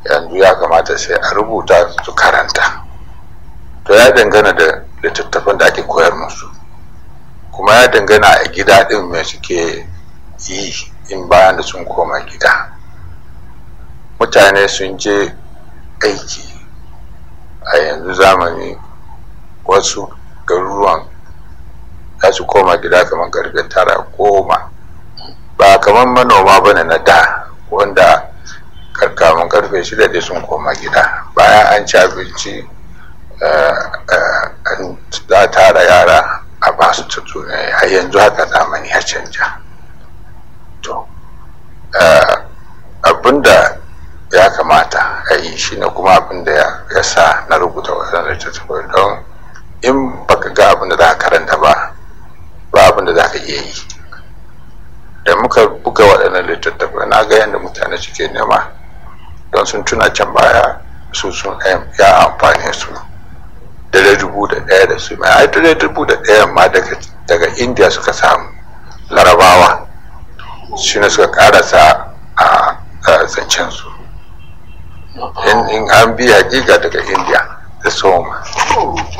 yanzu ya kamata sai a rubuta su karanta to ya dangana da littattafan da ake koyar musu kuma ya dangana a gida ɗin mai suke yi in bayan da sun koma gida mutane sun je aiki a yanzu zamani wasu garuruwan za su koma gida kamar gargar tara goma ba kamar manoma bane na da wanda karkamun karfe shida da sun koma gida bayan an ci abinci eh, eh, tara yara a basu a yanzu haka zamani ya canja shi ne kuma abin da ya sa na rubuta wajen littattafai don in baka ga abin da za ka karanta ba ba abin da za ka iya yi da muka buga waɗannan littattafai na ga yadda mutane suke nema don sun tuna can baya su sun ya amfani su dare dubu da ɗaya da su mai ai dare dubu da ɗaya ma daga indiya suka samu larabawa shi ne suka karasa an biya giga daga india da soma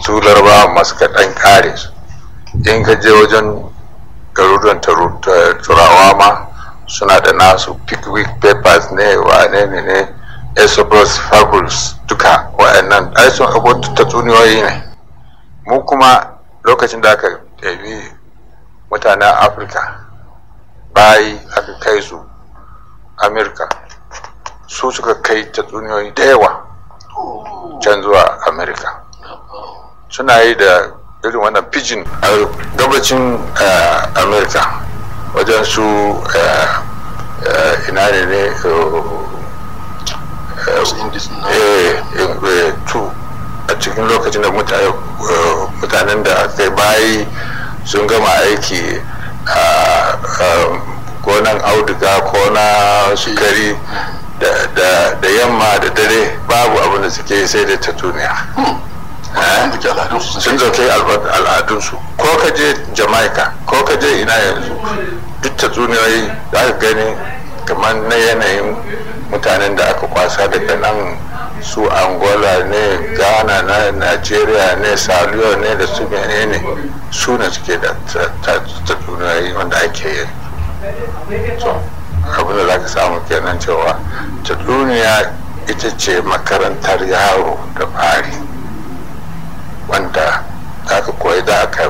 su larabawa masu kaɗan kare su in ka je wajen garuruwan turawa ma suna da nasu pickwick papers ne wa ne ne esobros fables duka wa'annan ai abubuwan tatsuniyoyi ne mu kuma lokacin da aka ɗabi mutanen afirka bayi aka kai su amurka su suka kai tatsuniyoyi da yawa can zuwa america suna yi da irin wannan pidgin a gabacin eh, america wajen su eh, eh, ina ne ne a cikin lokacin da mutanen da aka bayi sun gama aiki a gonan auduga ko na sukari mm. da yamma da dare babu abin da suke sai da ta duniya sun zaute al'adunsu ko ka je Jamaika ko ka je ina yanzu duk ta duniyoyi da aka gani kamar na yanayin mutanen da aka kwasa daga nan su angola ne ghana na nigeria ne saliyo ne da su ne ne su ne suke da ta duniyoyi wanda ake yi abinda za ka samu kenan cewa ta duniya ita ce makarantar yaro da fari wanda za ka koyi da aka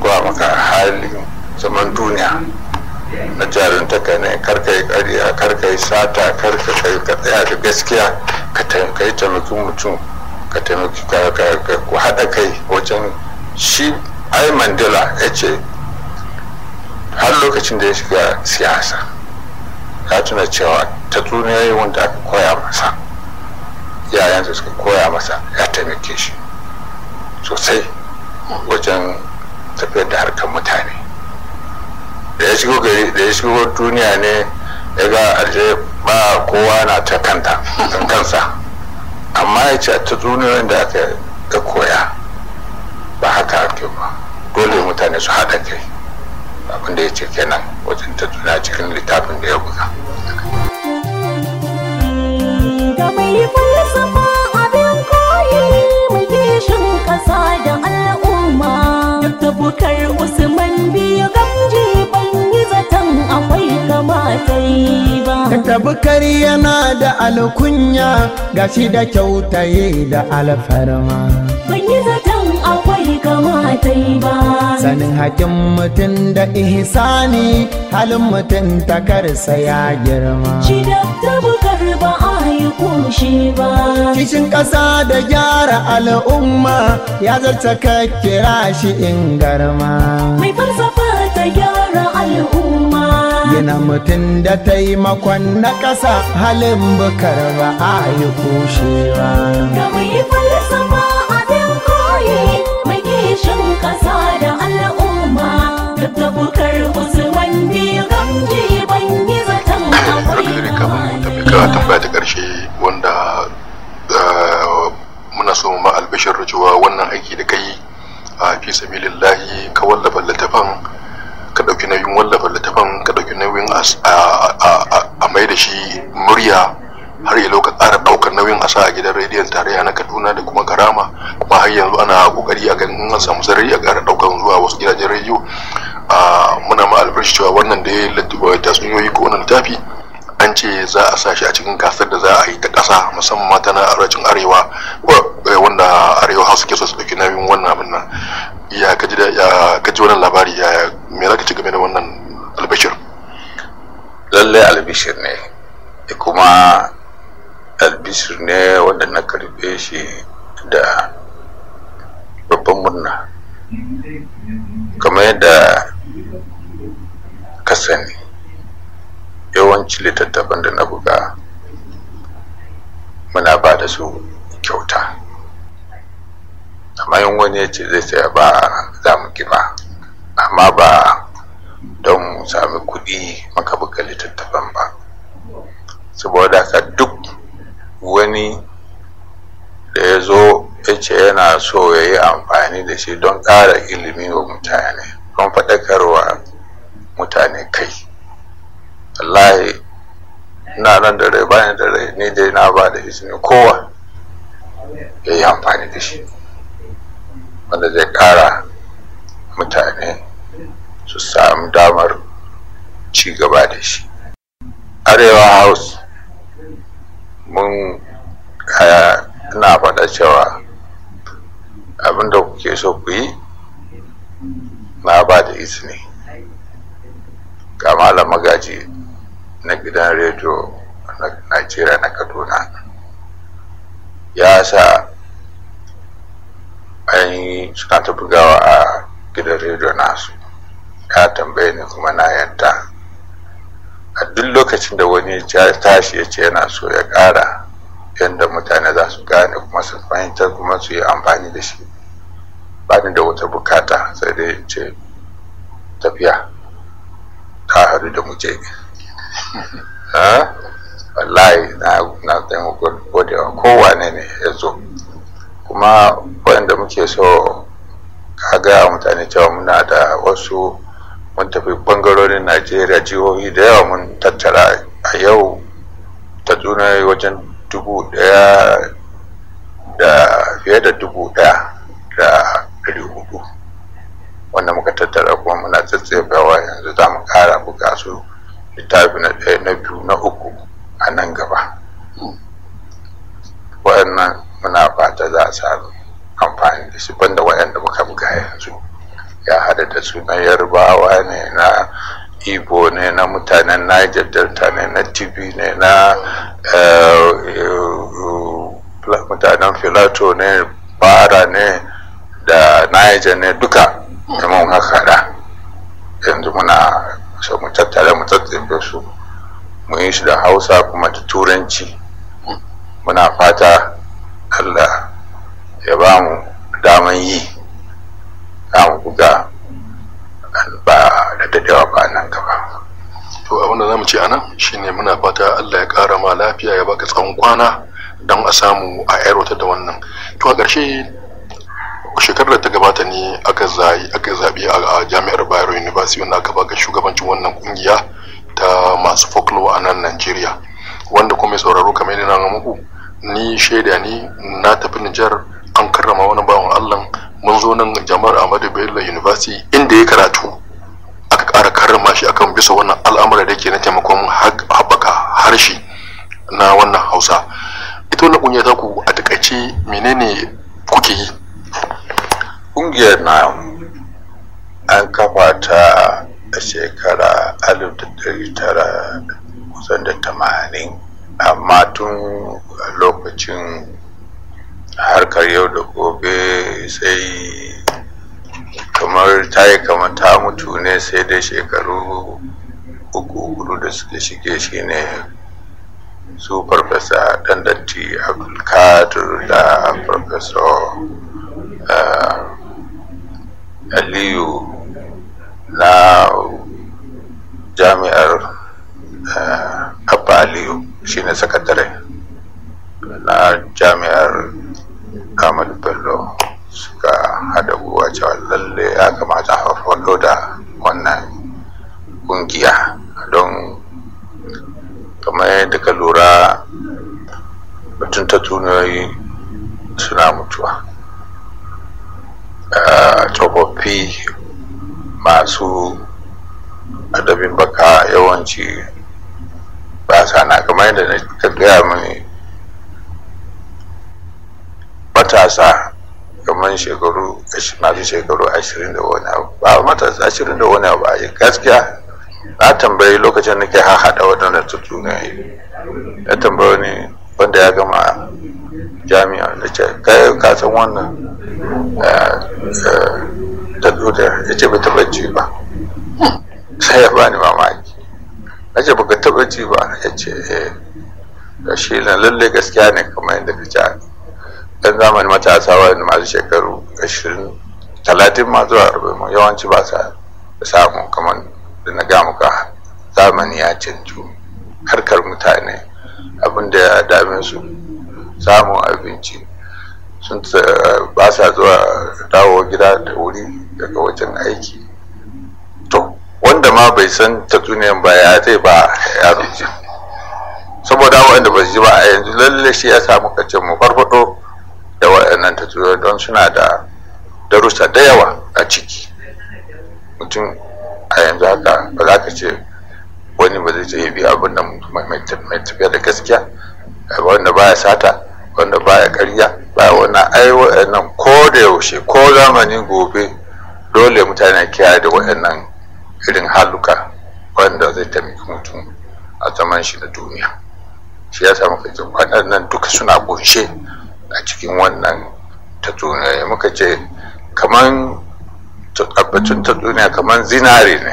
gwa maka halin zaman duniya na jarin ka ne karka yi ƙarya karka yi sata karka kai tsaya da gaskiya ka taimaki taimakin mutum ka taimaki ku haɗa kai wajen shi ai mandela ya ce har lokacin da ya shiga siyasa ka tuna cewa ta wanda aka koya masa yayansa suka koya masa ya taimake shi sosai wajen tafiyar da harkar mutane da ya shigo gari da ya shigo duniya ne ya ga alje ba kowa na ta kanta kansa amma ya ce ta duniyoyin da aka koya ba haka ake ba dole mutane su haɗa kai abin da ya ce kenan wajen tattuna cikin littafin da ya buga da mai falsafa abin koyi gishin ƙasa da al'umma tabukar usman biyu gamji ban yi zaton akwai kamata yi ba tabukar yana da alkunya gashi da kyautaye da alfarma kai ba sanin hakin mutum da ihsani halin mutum ta karsa ya girma shi da bukar ba a yi kushe ba kishin ƙasa da gyara al'umma ya zarta ka kira shi in garma mai falsafa ta gyara al'umma yana mutum da taimakon na ƙasa halin bukar ba a yi kushewa wannan tambaya ta karshe wanda eh, muna so ma albishir cewa wannan aiki da kai a fi lillahi ka wallafa littafan ka ɗauki nauyin wallafa littafan ka ɗauki nauyin a mai da shi murya har ya lokacin ƙara ɗaukar nauyin a sa a gidan rediyon tarayya na kaduna da kuma karama kuma har yanzu ana kokari a ganin an samu sarari a ƙara ɗaukar zuwa wasu gidajen rediyo muna ma albarci cewa wannan da ya yi tatsuniyoyi ko wannan littafi an ce za a sa shi a cikin gasar da za a yi ta ƙasa musamman mata na arewacin arewa eh, wanda arewa hausa ke so su ɗauki nauyin wannan abin nan ya kaji da ya kaji wannan labari ya me za ka ci game da wannan albishir lalle albishir ne kuma albishir ne wanda na karbe shi da babban murna kamar yadda ka sani yawanci littattafan da na buga muna ba da su kyauta amma yin wani ya ce zai saya ba za mu gima amma ba don sami kuɗi maka buga littattafan ba saboda ka duk wani da ya zo ya ce yana so ya yi amfani da shi don ƙara ilimi wa mutane ismi kowa é yi amfani da ya tashi ya ce yana so ya ƙara yadda mutane za su gane kuma su fahimtar kuma su yi amfani da shi ba da wata bukata sai dai ce tafiya ta haru da mu su na yarbawa ne na ibo ne na mutanen niger delta ne na tibi ne na eh, eh, mutanen filato ne bara ne da niger ne duka da mun haka da yanzu muna so mu tattare mu tattabe su mu yi shi da hausa kuma da turanci muna fata allah ya ba mu daman yi muna fata Allah ya ƙara ma lafiya ya baka tsawon kwana don a samu a aiwatar da wannan to a ƙarshe shekarar da ta gabata ne aka zaɓi a jami'ar Bayero University wanda aka baka shugabancin wannan kungiya ta masu folklore a nan Najeriya wanda kuma sauraro kamar yadda na muku ni shaida ne na tafi Nijar an karrama wani bawan Allah mun zo nan jama'ar Ahmadu Bello University inda ya karatu girma shi akan bisa wannan al'amura da ke na taimakon haɓaka harshe na wannan hausa ita wannan ƙungiya ta ku a takaice menene kuke yi ƙungiyar na an kafa ta a shekara 1980 da tamanin amma tun lokacin harkar yau da gobe sai kamar ta yi kamar ta mutu ne sai dai shekaru uku hudu da suke shige shi ne su farfesa dan datti abdulkadir da farfasa eh, aliyu na jami'ar eh, abba aliyu shine sakatare na jami'ar Amadu bello suka haɗa kuwa cewa lalle ya kamata a farfado da wannan kungiya don kamar yadda ka lura batun ta suna mutuwa A tsofaffi masu adabin baka yawanci ba sana kamar yadda na gaya mai matasa bayan shekaru masu shekaru ashirin da wani abu ba matasa ashirin da wani abu a gaskiya na tambayi lokacin nake haɗa waɗanda tuttuna yi na tambayi wani wanda ya gama jami'a da ce kai kasan wannan da eh, eh, dudar ya ce bai taɓa ci ba sai ya bani mamaki na ce baka taɓa ci ba ya ce eh shi na lallai gaskiya ne kamar yadda ka ce yan zamanin matasa wa'anda masu shekaru ashirin talatin ma zuwa arba'in yawanci ba sa samu kamar da na gamu ka zamani ya canju harkar mutane abin da ya dame su samun abinci sun ba sa zuwa dawo gida da wuri daga wajen aiki to wanda ma bai san tatsuniyan ba ya zai ba ya saboda wanda ba ji ba a yanzu lalle shi ya samu kacce mu farfado da waɗannan tatsuniyoyi don suna da darussa da yawa a ciki mutum a yanzu haka ba za ka ce wani ba zai ce biya abin da mai tafiya da gaskiya wanda ya sata wanda ya karya baya wannan ai waɗannan ko da yaushe ko zamanin gobe dole mutane kiyaye da waɗannan irin haluka wanda zai taimaki mutum a zaman shi na duniya shi ya samu kai waɗannan duka suna kunshe a cikin wannan tatsuniya muka ce kaman abbatun tatsuniya kaman zinari ne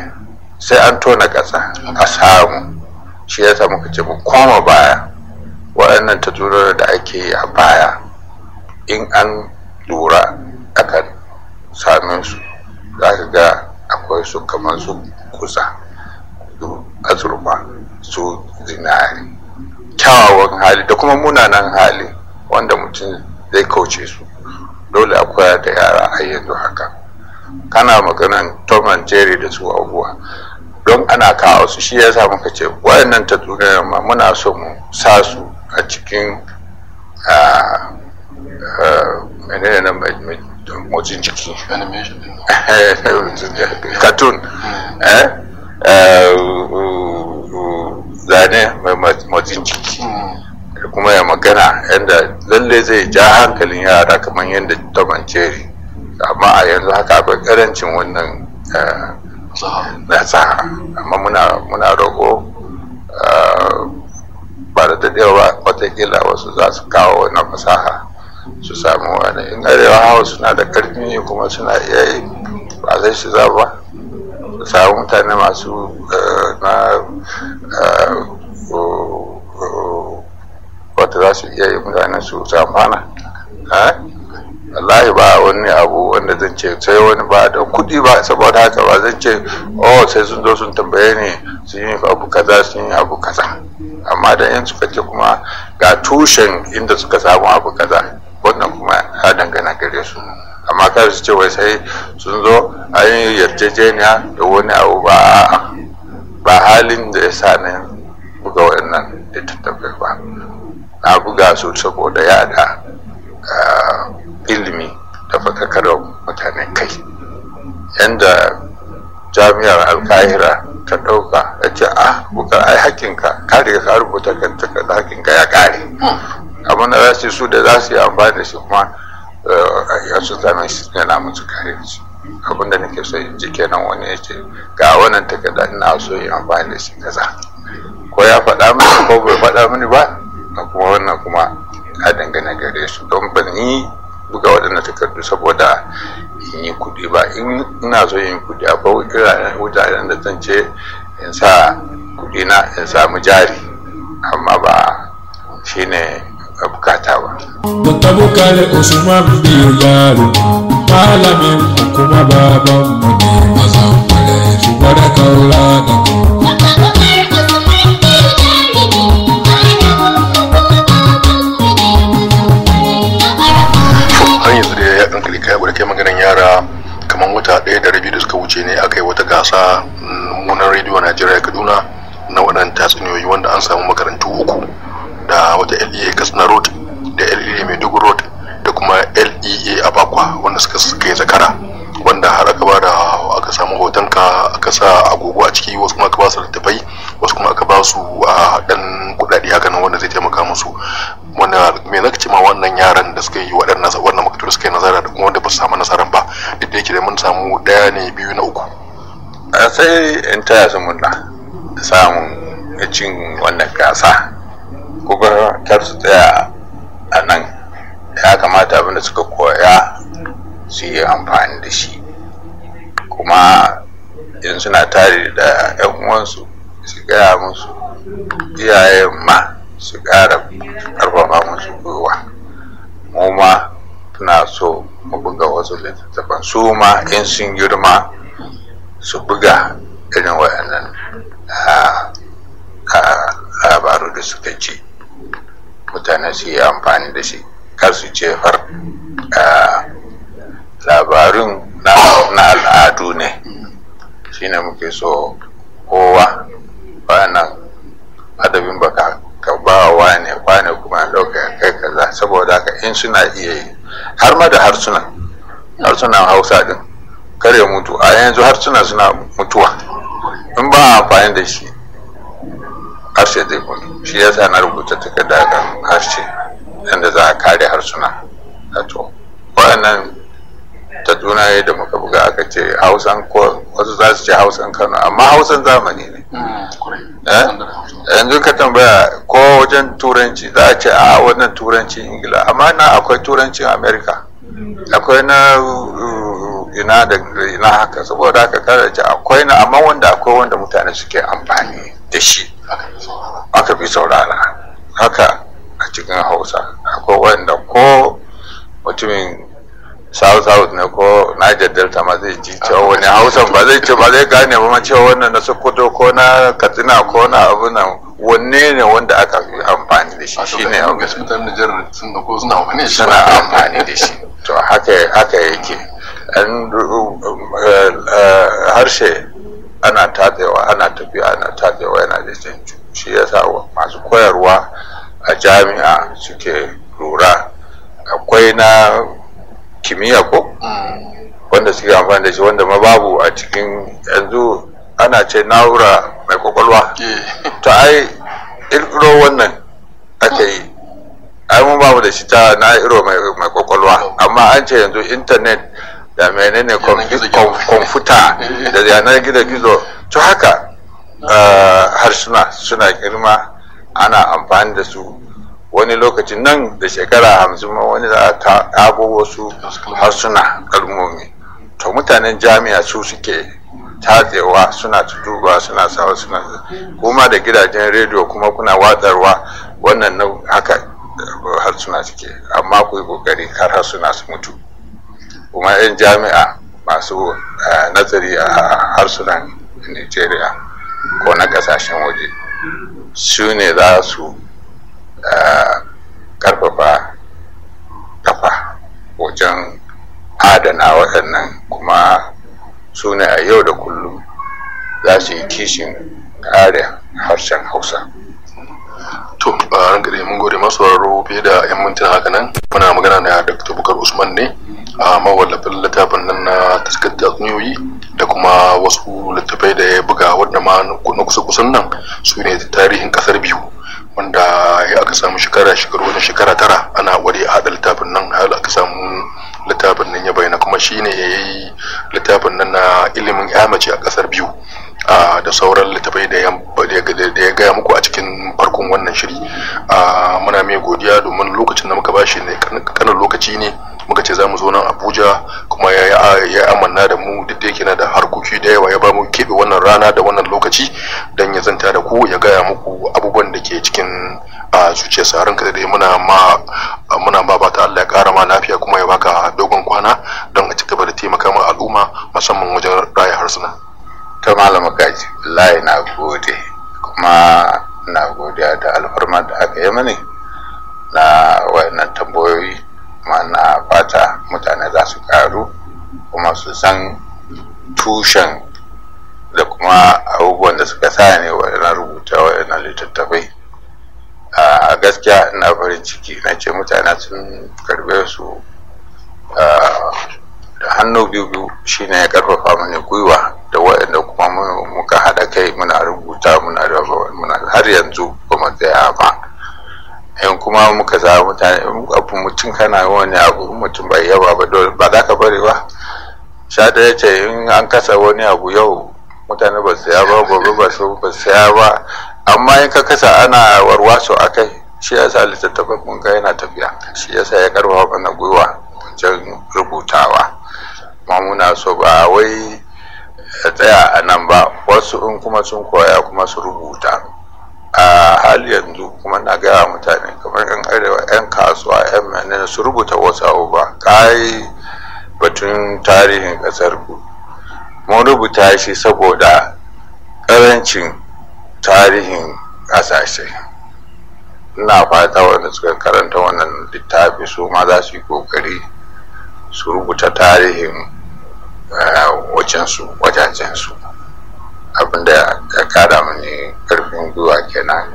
sai an tona ƙasa a samu shi yasa muka ce mu koma baya waɗannan tatsuniya da ake yi a baya in an lura aka same su za ka ga akwai su kamar su kusa azurba su zinari kyawawan hali da kuma munanan hali wanda mutum zai kauce su dole a koya da yara a yanzu haka kana maganan tom and jerry da su abubuwa don ana kawo su shi ya sa muka ce wayannan ta ma muna so mu sa su a cikin menene na motsin jiki cartoon eh? Eh, zane mai motsin ciki. Hmm. ya kuma ya magana yadda lalle zai ja hankalin yara kamar yadda taban mance amma a yanzu haka akwai karancin wannan eh, nasa amma muna roƙo eh, ba da daɗewa watakila wasu za su kawo wannan fasaha su samu wani in arewa hawa suna da ƙarfi kuma suna iya yi ba zai shi za ba su samu mutane masu eh, na wata za su iya yi mutane su amfana eh? wallahi ba wani abu wanda zan ce sai wani ba da kudi ba saboda haka ba zan ce oh sai sun zo sun tambaye ne sun yi abu kaza sun yi abu kaza amma da yin suka ce kuma ga tushen inda suka samu abu kaza wannan kuma ya dangana gare su amma ka su ce wai sai sun zo an yi yarjejeniya da wani abu ba ba halin da ya sa ne buga waɗannan tattabar ba na buga su saboda yada ilimi da fakakarar mutanen kai yadda jami'ar alkahira ta ɗauka ya ce a ah, buga ai hakinka ka ka rubuta kan takarda hakinka ya ƙare amma da za su su da za su yi amfani da shi kuma a su zama shi yana musu kare shi abinda da nake so in ji kenan wani ya ce ga wannan takarda ina so yi amfani da shi kaza ko ya faɗa mini ko bai faɗa mini ba na kuma wannan kuma ya dangane gare su don ba ni buga waɗannan takardu saboda in yi kuɗi ba in ina so yin kuɗi akwai wuraren da zan ce in sa kuɗi na in samu jari amma ba shi a bukata ba. Mutabukar Usman biyu yaro malamin kuma baban mu ne maza kwale, su gwada kaula da kuma kai maganin yara kamar wata ɗaya da rabi da suka wuce ne aka yi wata gasa mm, munar rediyo najeriya kaduna na waɗannan tatsuniyoyi wanda an samu makarantu uku da wata lea katsina road da lea maiduguri road kuma lea abakwa wanda suka suka yi zakara wanda har aka ba da aka samu hoton ka aka sa agogo a ciki wasu kuma aka ba su littafai wasu kuma aka ba su a dan kudade haka nan wanda zai taimaka musu wanda me zaka ce ma wannan yaran da suka yi waɗannan wannan makarantu suka yi nazara da kuma wanda ba su samu nasaran ba duk da yake da mun samu daya ne biyu na uku a sai in taya su murna samun cin wannan gasa kuma kar su tsaya a nan ya kamata abin da suka koya su yi amfani da shi kuma in suna tare da 'yan uwansu su gaya musu iyayen ma su ƙara karfafa musu gwiwa mu ma suna so mu buga wasu littattafan su ma in sun girma su buga irin wayannan ah, ah, labaru da suka ce mutane su yi amfani da shi kasu su jefar labarin na al'adu ne shine muke so kowa bayanan adabin baka ka ba ne kwane kuma ɗauka kai kaza saboda ka in suna iya yi har ma da harsuna harsunan hausa din kar ya mutu a yanzu harsuna suna mutuwa in ba a amfani da shi harshe zai kuma shi yasa na rubuta takarda harshe baya da muka buga aka ce hausan ko wasu za su ce hausan kano amma hausan zamani ne mm, eh? yanzu ka tambaya ko wajen turanci za a ce a wannan turancin ingila amma na akwai turancin america akwai na uh, ina da ina haka saboda haka kada ce akwai na amma wanda akwai wanda mutane suke amfani da shi aka bi saurara haka a cikin hausa akwai wanda ko mutumin south south ne ko niger delta ma zai ji cewa wani hausa ba zai ce ba zai gane ba cewa wannan na sokoto ko na katsina ko na abu nan wanne ne wanda aka fi amfani da shi shi ne a hospital niger sun da ko suna wani shi suna amfani da shi to haka haka yake an eh, eh, harshe ana tatsewa ana tafiya ana tatsewa yana da canju shi ya sa masu koyarwa a jami'a suke lura akwai na kimiyya ko wanda suke amfani da shi wanda ma babu a cikin yanzu ana ce na'ura mai kwakwalwa eh. ta ai irkiro wannan aka yi ai mun babu da shi ta na'iro mai kwakwalwa amma an ce yanzu intanet da menene kwamfuta da yanar gida gizo to haka eh, harsuna suna girma ana amfani da su wani lokacin nan da shekara hamsin ma wani za a tago wasu harsuna kalmomi to mutanen jami'a su suke tatsewa suna tutuwa suna sawa suna kuma da gidajen rediyo kuma kuna watsarwa wannan na haka eh, harsuna suke amma ku yi kokari kar harsuna su mutu kuma 'yan jami'a masu eh, nazari a harsunan nigeria ko na kasashen waje su ne za su karfafa kafa wajen adana waɗannan kuma su ne a yau da kullum za su yi kishin kare harshen hausa to a rangare mun gode masu sauraro fiye da yan mintuna haka nan muna magana na dr bukar usman ne a mawallafin littafin nan na taskar da kuma wasu littafai da ya buga wadda ma na kusa kusan nan su ne tarihin kasar biyu wanda ya aka samu shekara shekaru wajen shekara tara ana wari a haɗa littafin nan hal aka samu littafin nan ya bayyana kuma shine ya yi littafin nan na ilimin yamace a kasar biyu da sauran littafai da ya gaya muku a cikin farkon wannan shiri muna mai godiya domin lokacin da muka bashi ne kanan lokaci ne muka ce za mu zo nan abuja kuma ya amanna da mu duk da yake na da harkoki da yawa ya ba mu keɓe wannan rana da wannan lokaci don ya zanta da ku ya gaya muku abubuwan da ke cikin a zuciyarsa kada ka dai muna ma muna ba ba ta Allah ya kara ma lafiya kuma ya baka dogon kwana don a cika da taimaka ma al'umma musamman wajen raya harsuna ta malama kaji wallahi na gode kuma na godiya da alfarma da aka yi mani na wayannan tambayoyi mana fata mutane za su karu kuma su san tushen da kuma abubuwan da suka sa ne 'yana rubuta 'yana littattafai a gaskiya na farin ciki na ce mutane sun karbe su da hannu biyu biyu shine ya karfafa mani gwiwa da waɗanda kuma muka haɗa kai muna rubuta muna har yanzu kuma tsaya ba in kuma muka zama mutane abu mutum kana wani abu mutum bai yawa ba dole ba za ka bari ba shada ya ce in an kasa wani abu yau mutane ba saya ba gobe ba su ba su ba amma in ka kasa ana warwaso a kai shi sa littattafan mun ga yana tafiya shi sa ya karfafa mana gwiwa wajen rubutawa ma muna so ba wai tsaya a nan ba wasu in kuma sun koya kuma su rubuta a hali yanzu kuma na gaya mutane kamar yan arewa yan kasuwa yan menene su rubuta wasu ba kai batun tarihin kasar ku mun rubuta shi saboda karancin tarihin kasashe ina fata wanda suka karanta wannan littafi su ma za su yi kokari su rubuta tarihin eh, wajensu wajajensu abinda ya kada mini karfin gwiwa kenan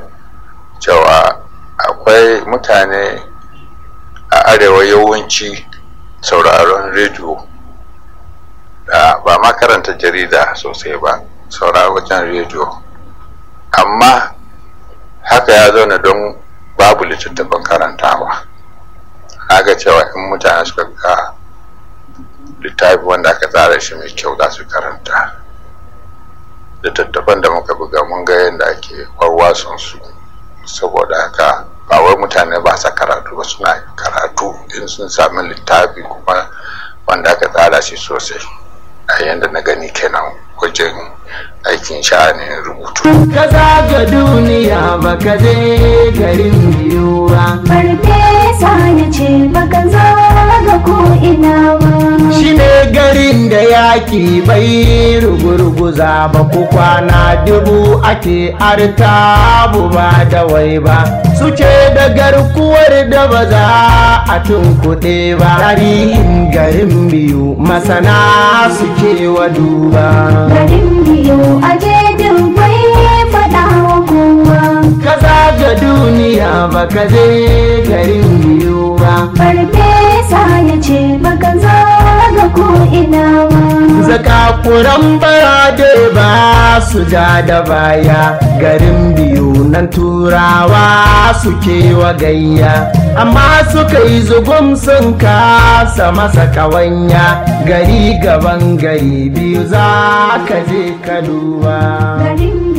cewa akwai mutane a arewa yawanci sauraron rediyo ba ma jarida sosai ba sauraron wajen rediyo amma haka ya zauna don babu littattafan karantawa ga cewa in mutane suka ga littafi wanda aka tsara shi mai kyau za su karanta littattafan da muka buga mun ga yadda ake warwason su saboda haka ba wai mutane ba sa karatu ba suna karatu in sun sami littafi kuma wanda aka tsara shi sosai a yadda na gani kenan wajen aikin sha'anin rubutu. Ka zaga duniya ba ka je garin biyu ba. Farfesa ya ce ba ka zaga ko ina ba. Shi ne garin da yaki bai rugurguza ba ko kwana dubu ake artabu ba da wai ba. Suke da garkuwar da ba za a tunkuɗe ba. Tarihin garin biyu masana suke wa duba. Garin biyu I did. Kaza zaga duniya ba, ka je garin biyu ba farfesa ya ce baka zaga ko ina ba zakakuran barade ba su ja da baya garin biyu nan turawa suke wa gayya amma suka yi zugun sun kasa masa kawanya gari gaban gari biyu za ka je ka duba garin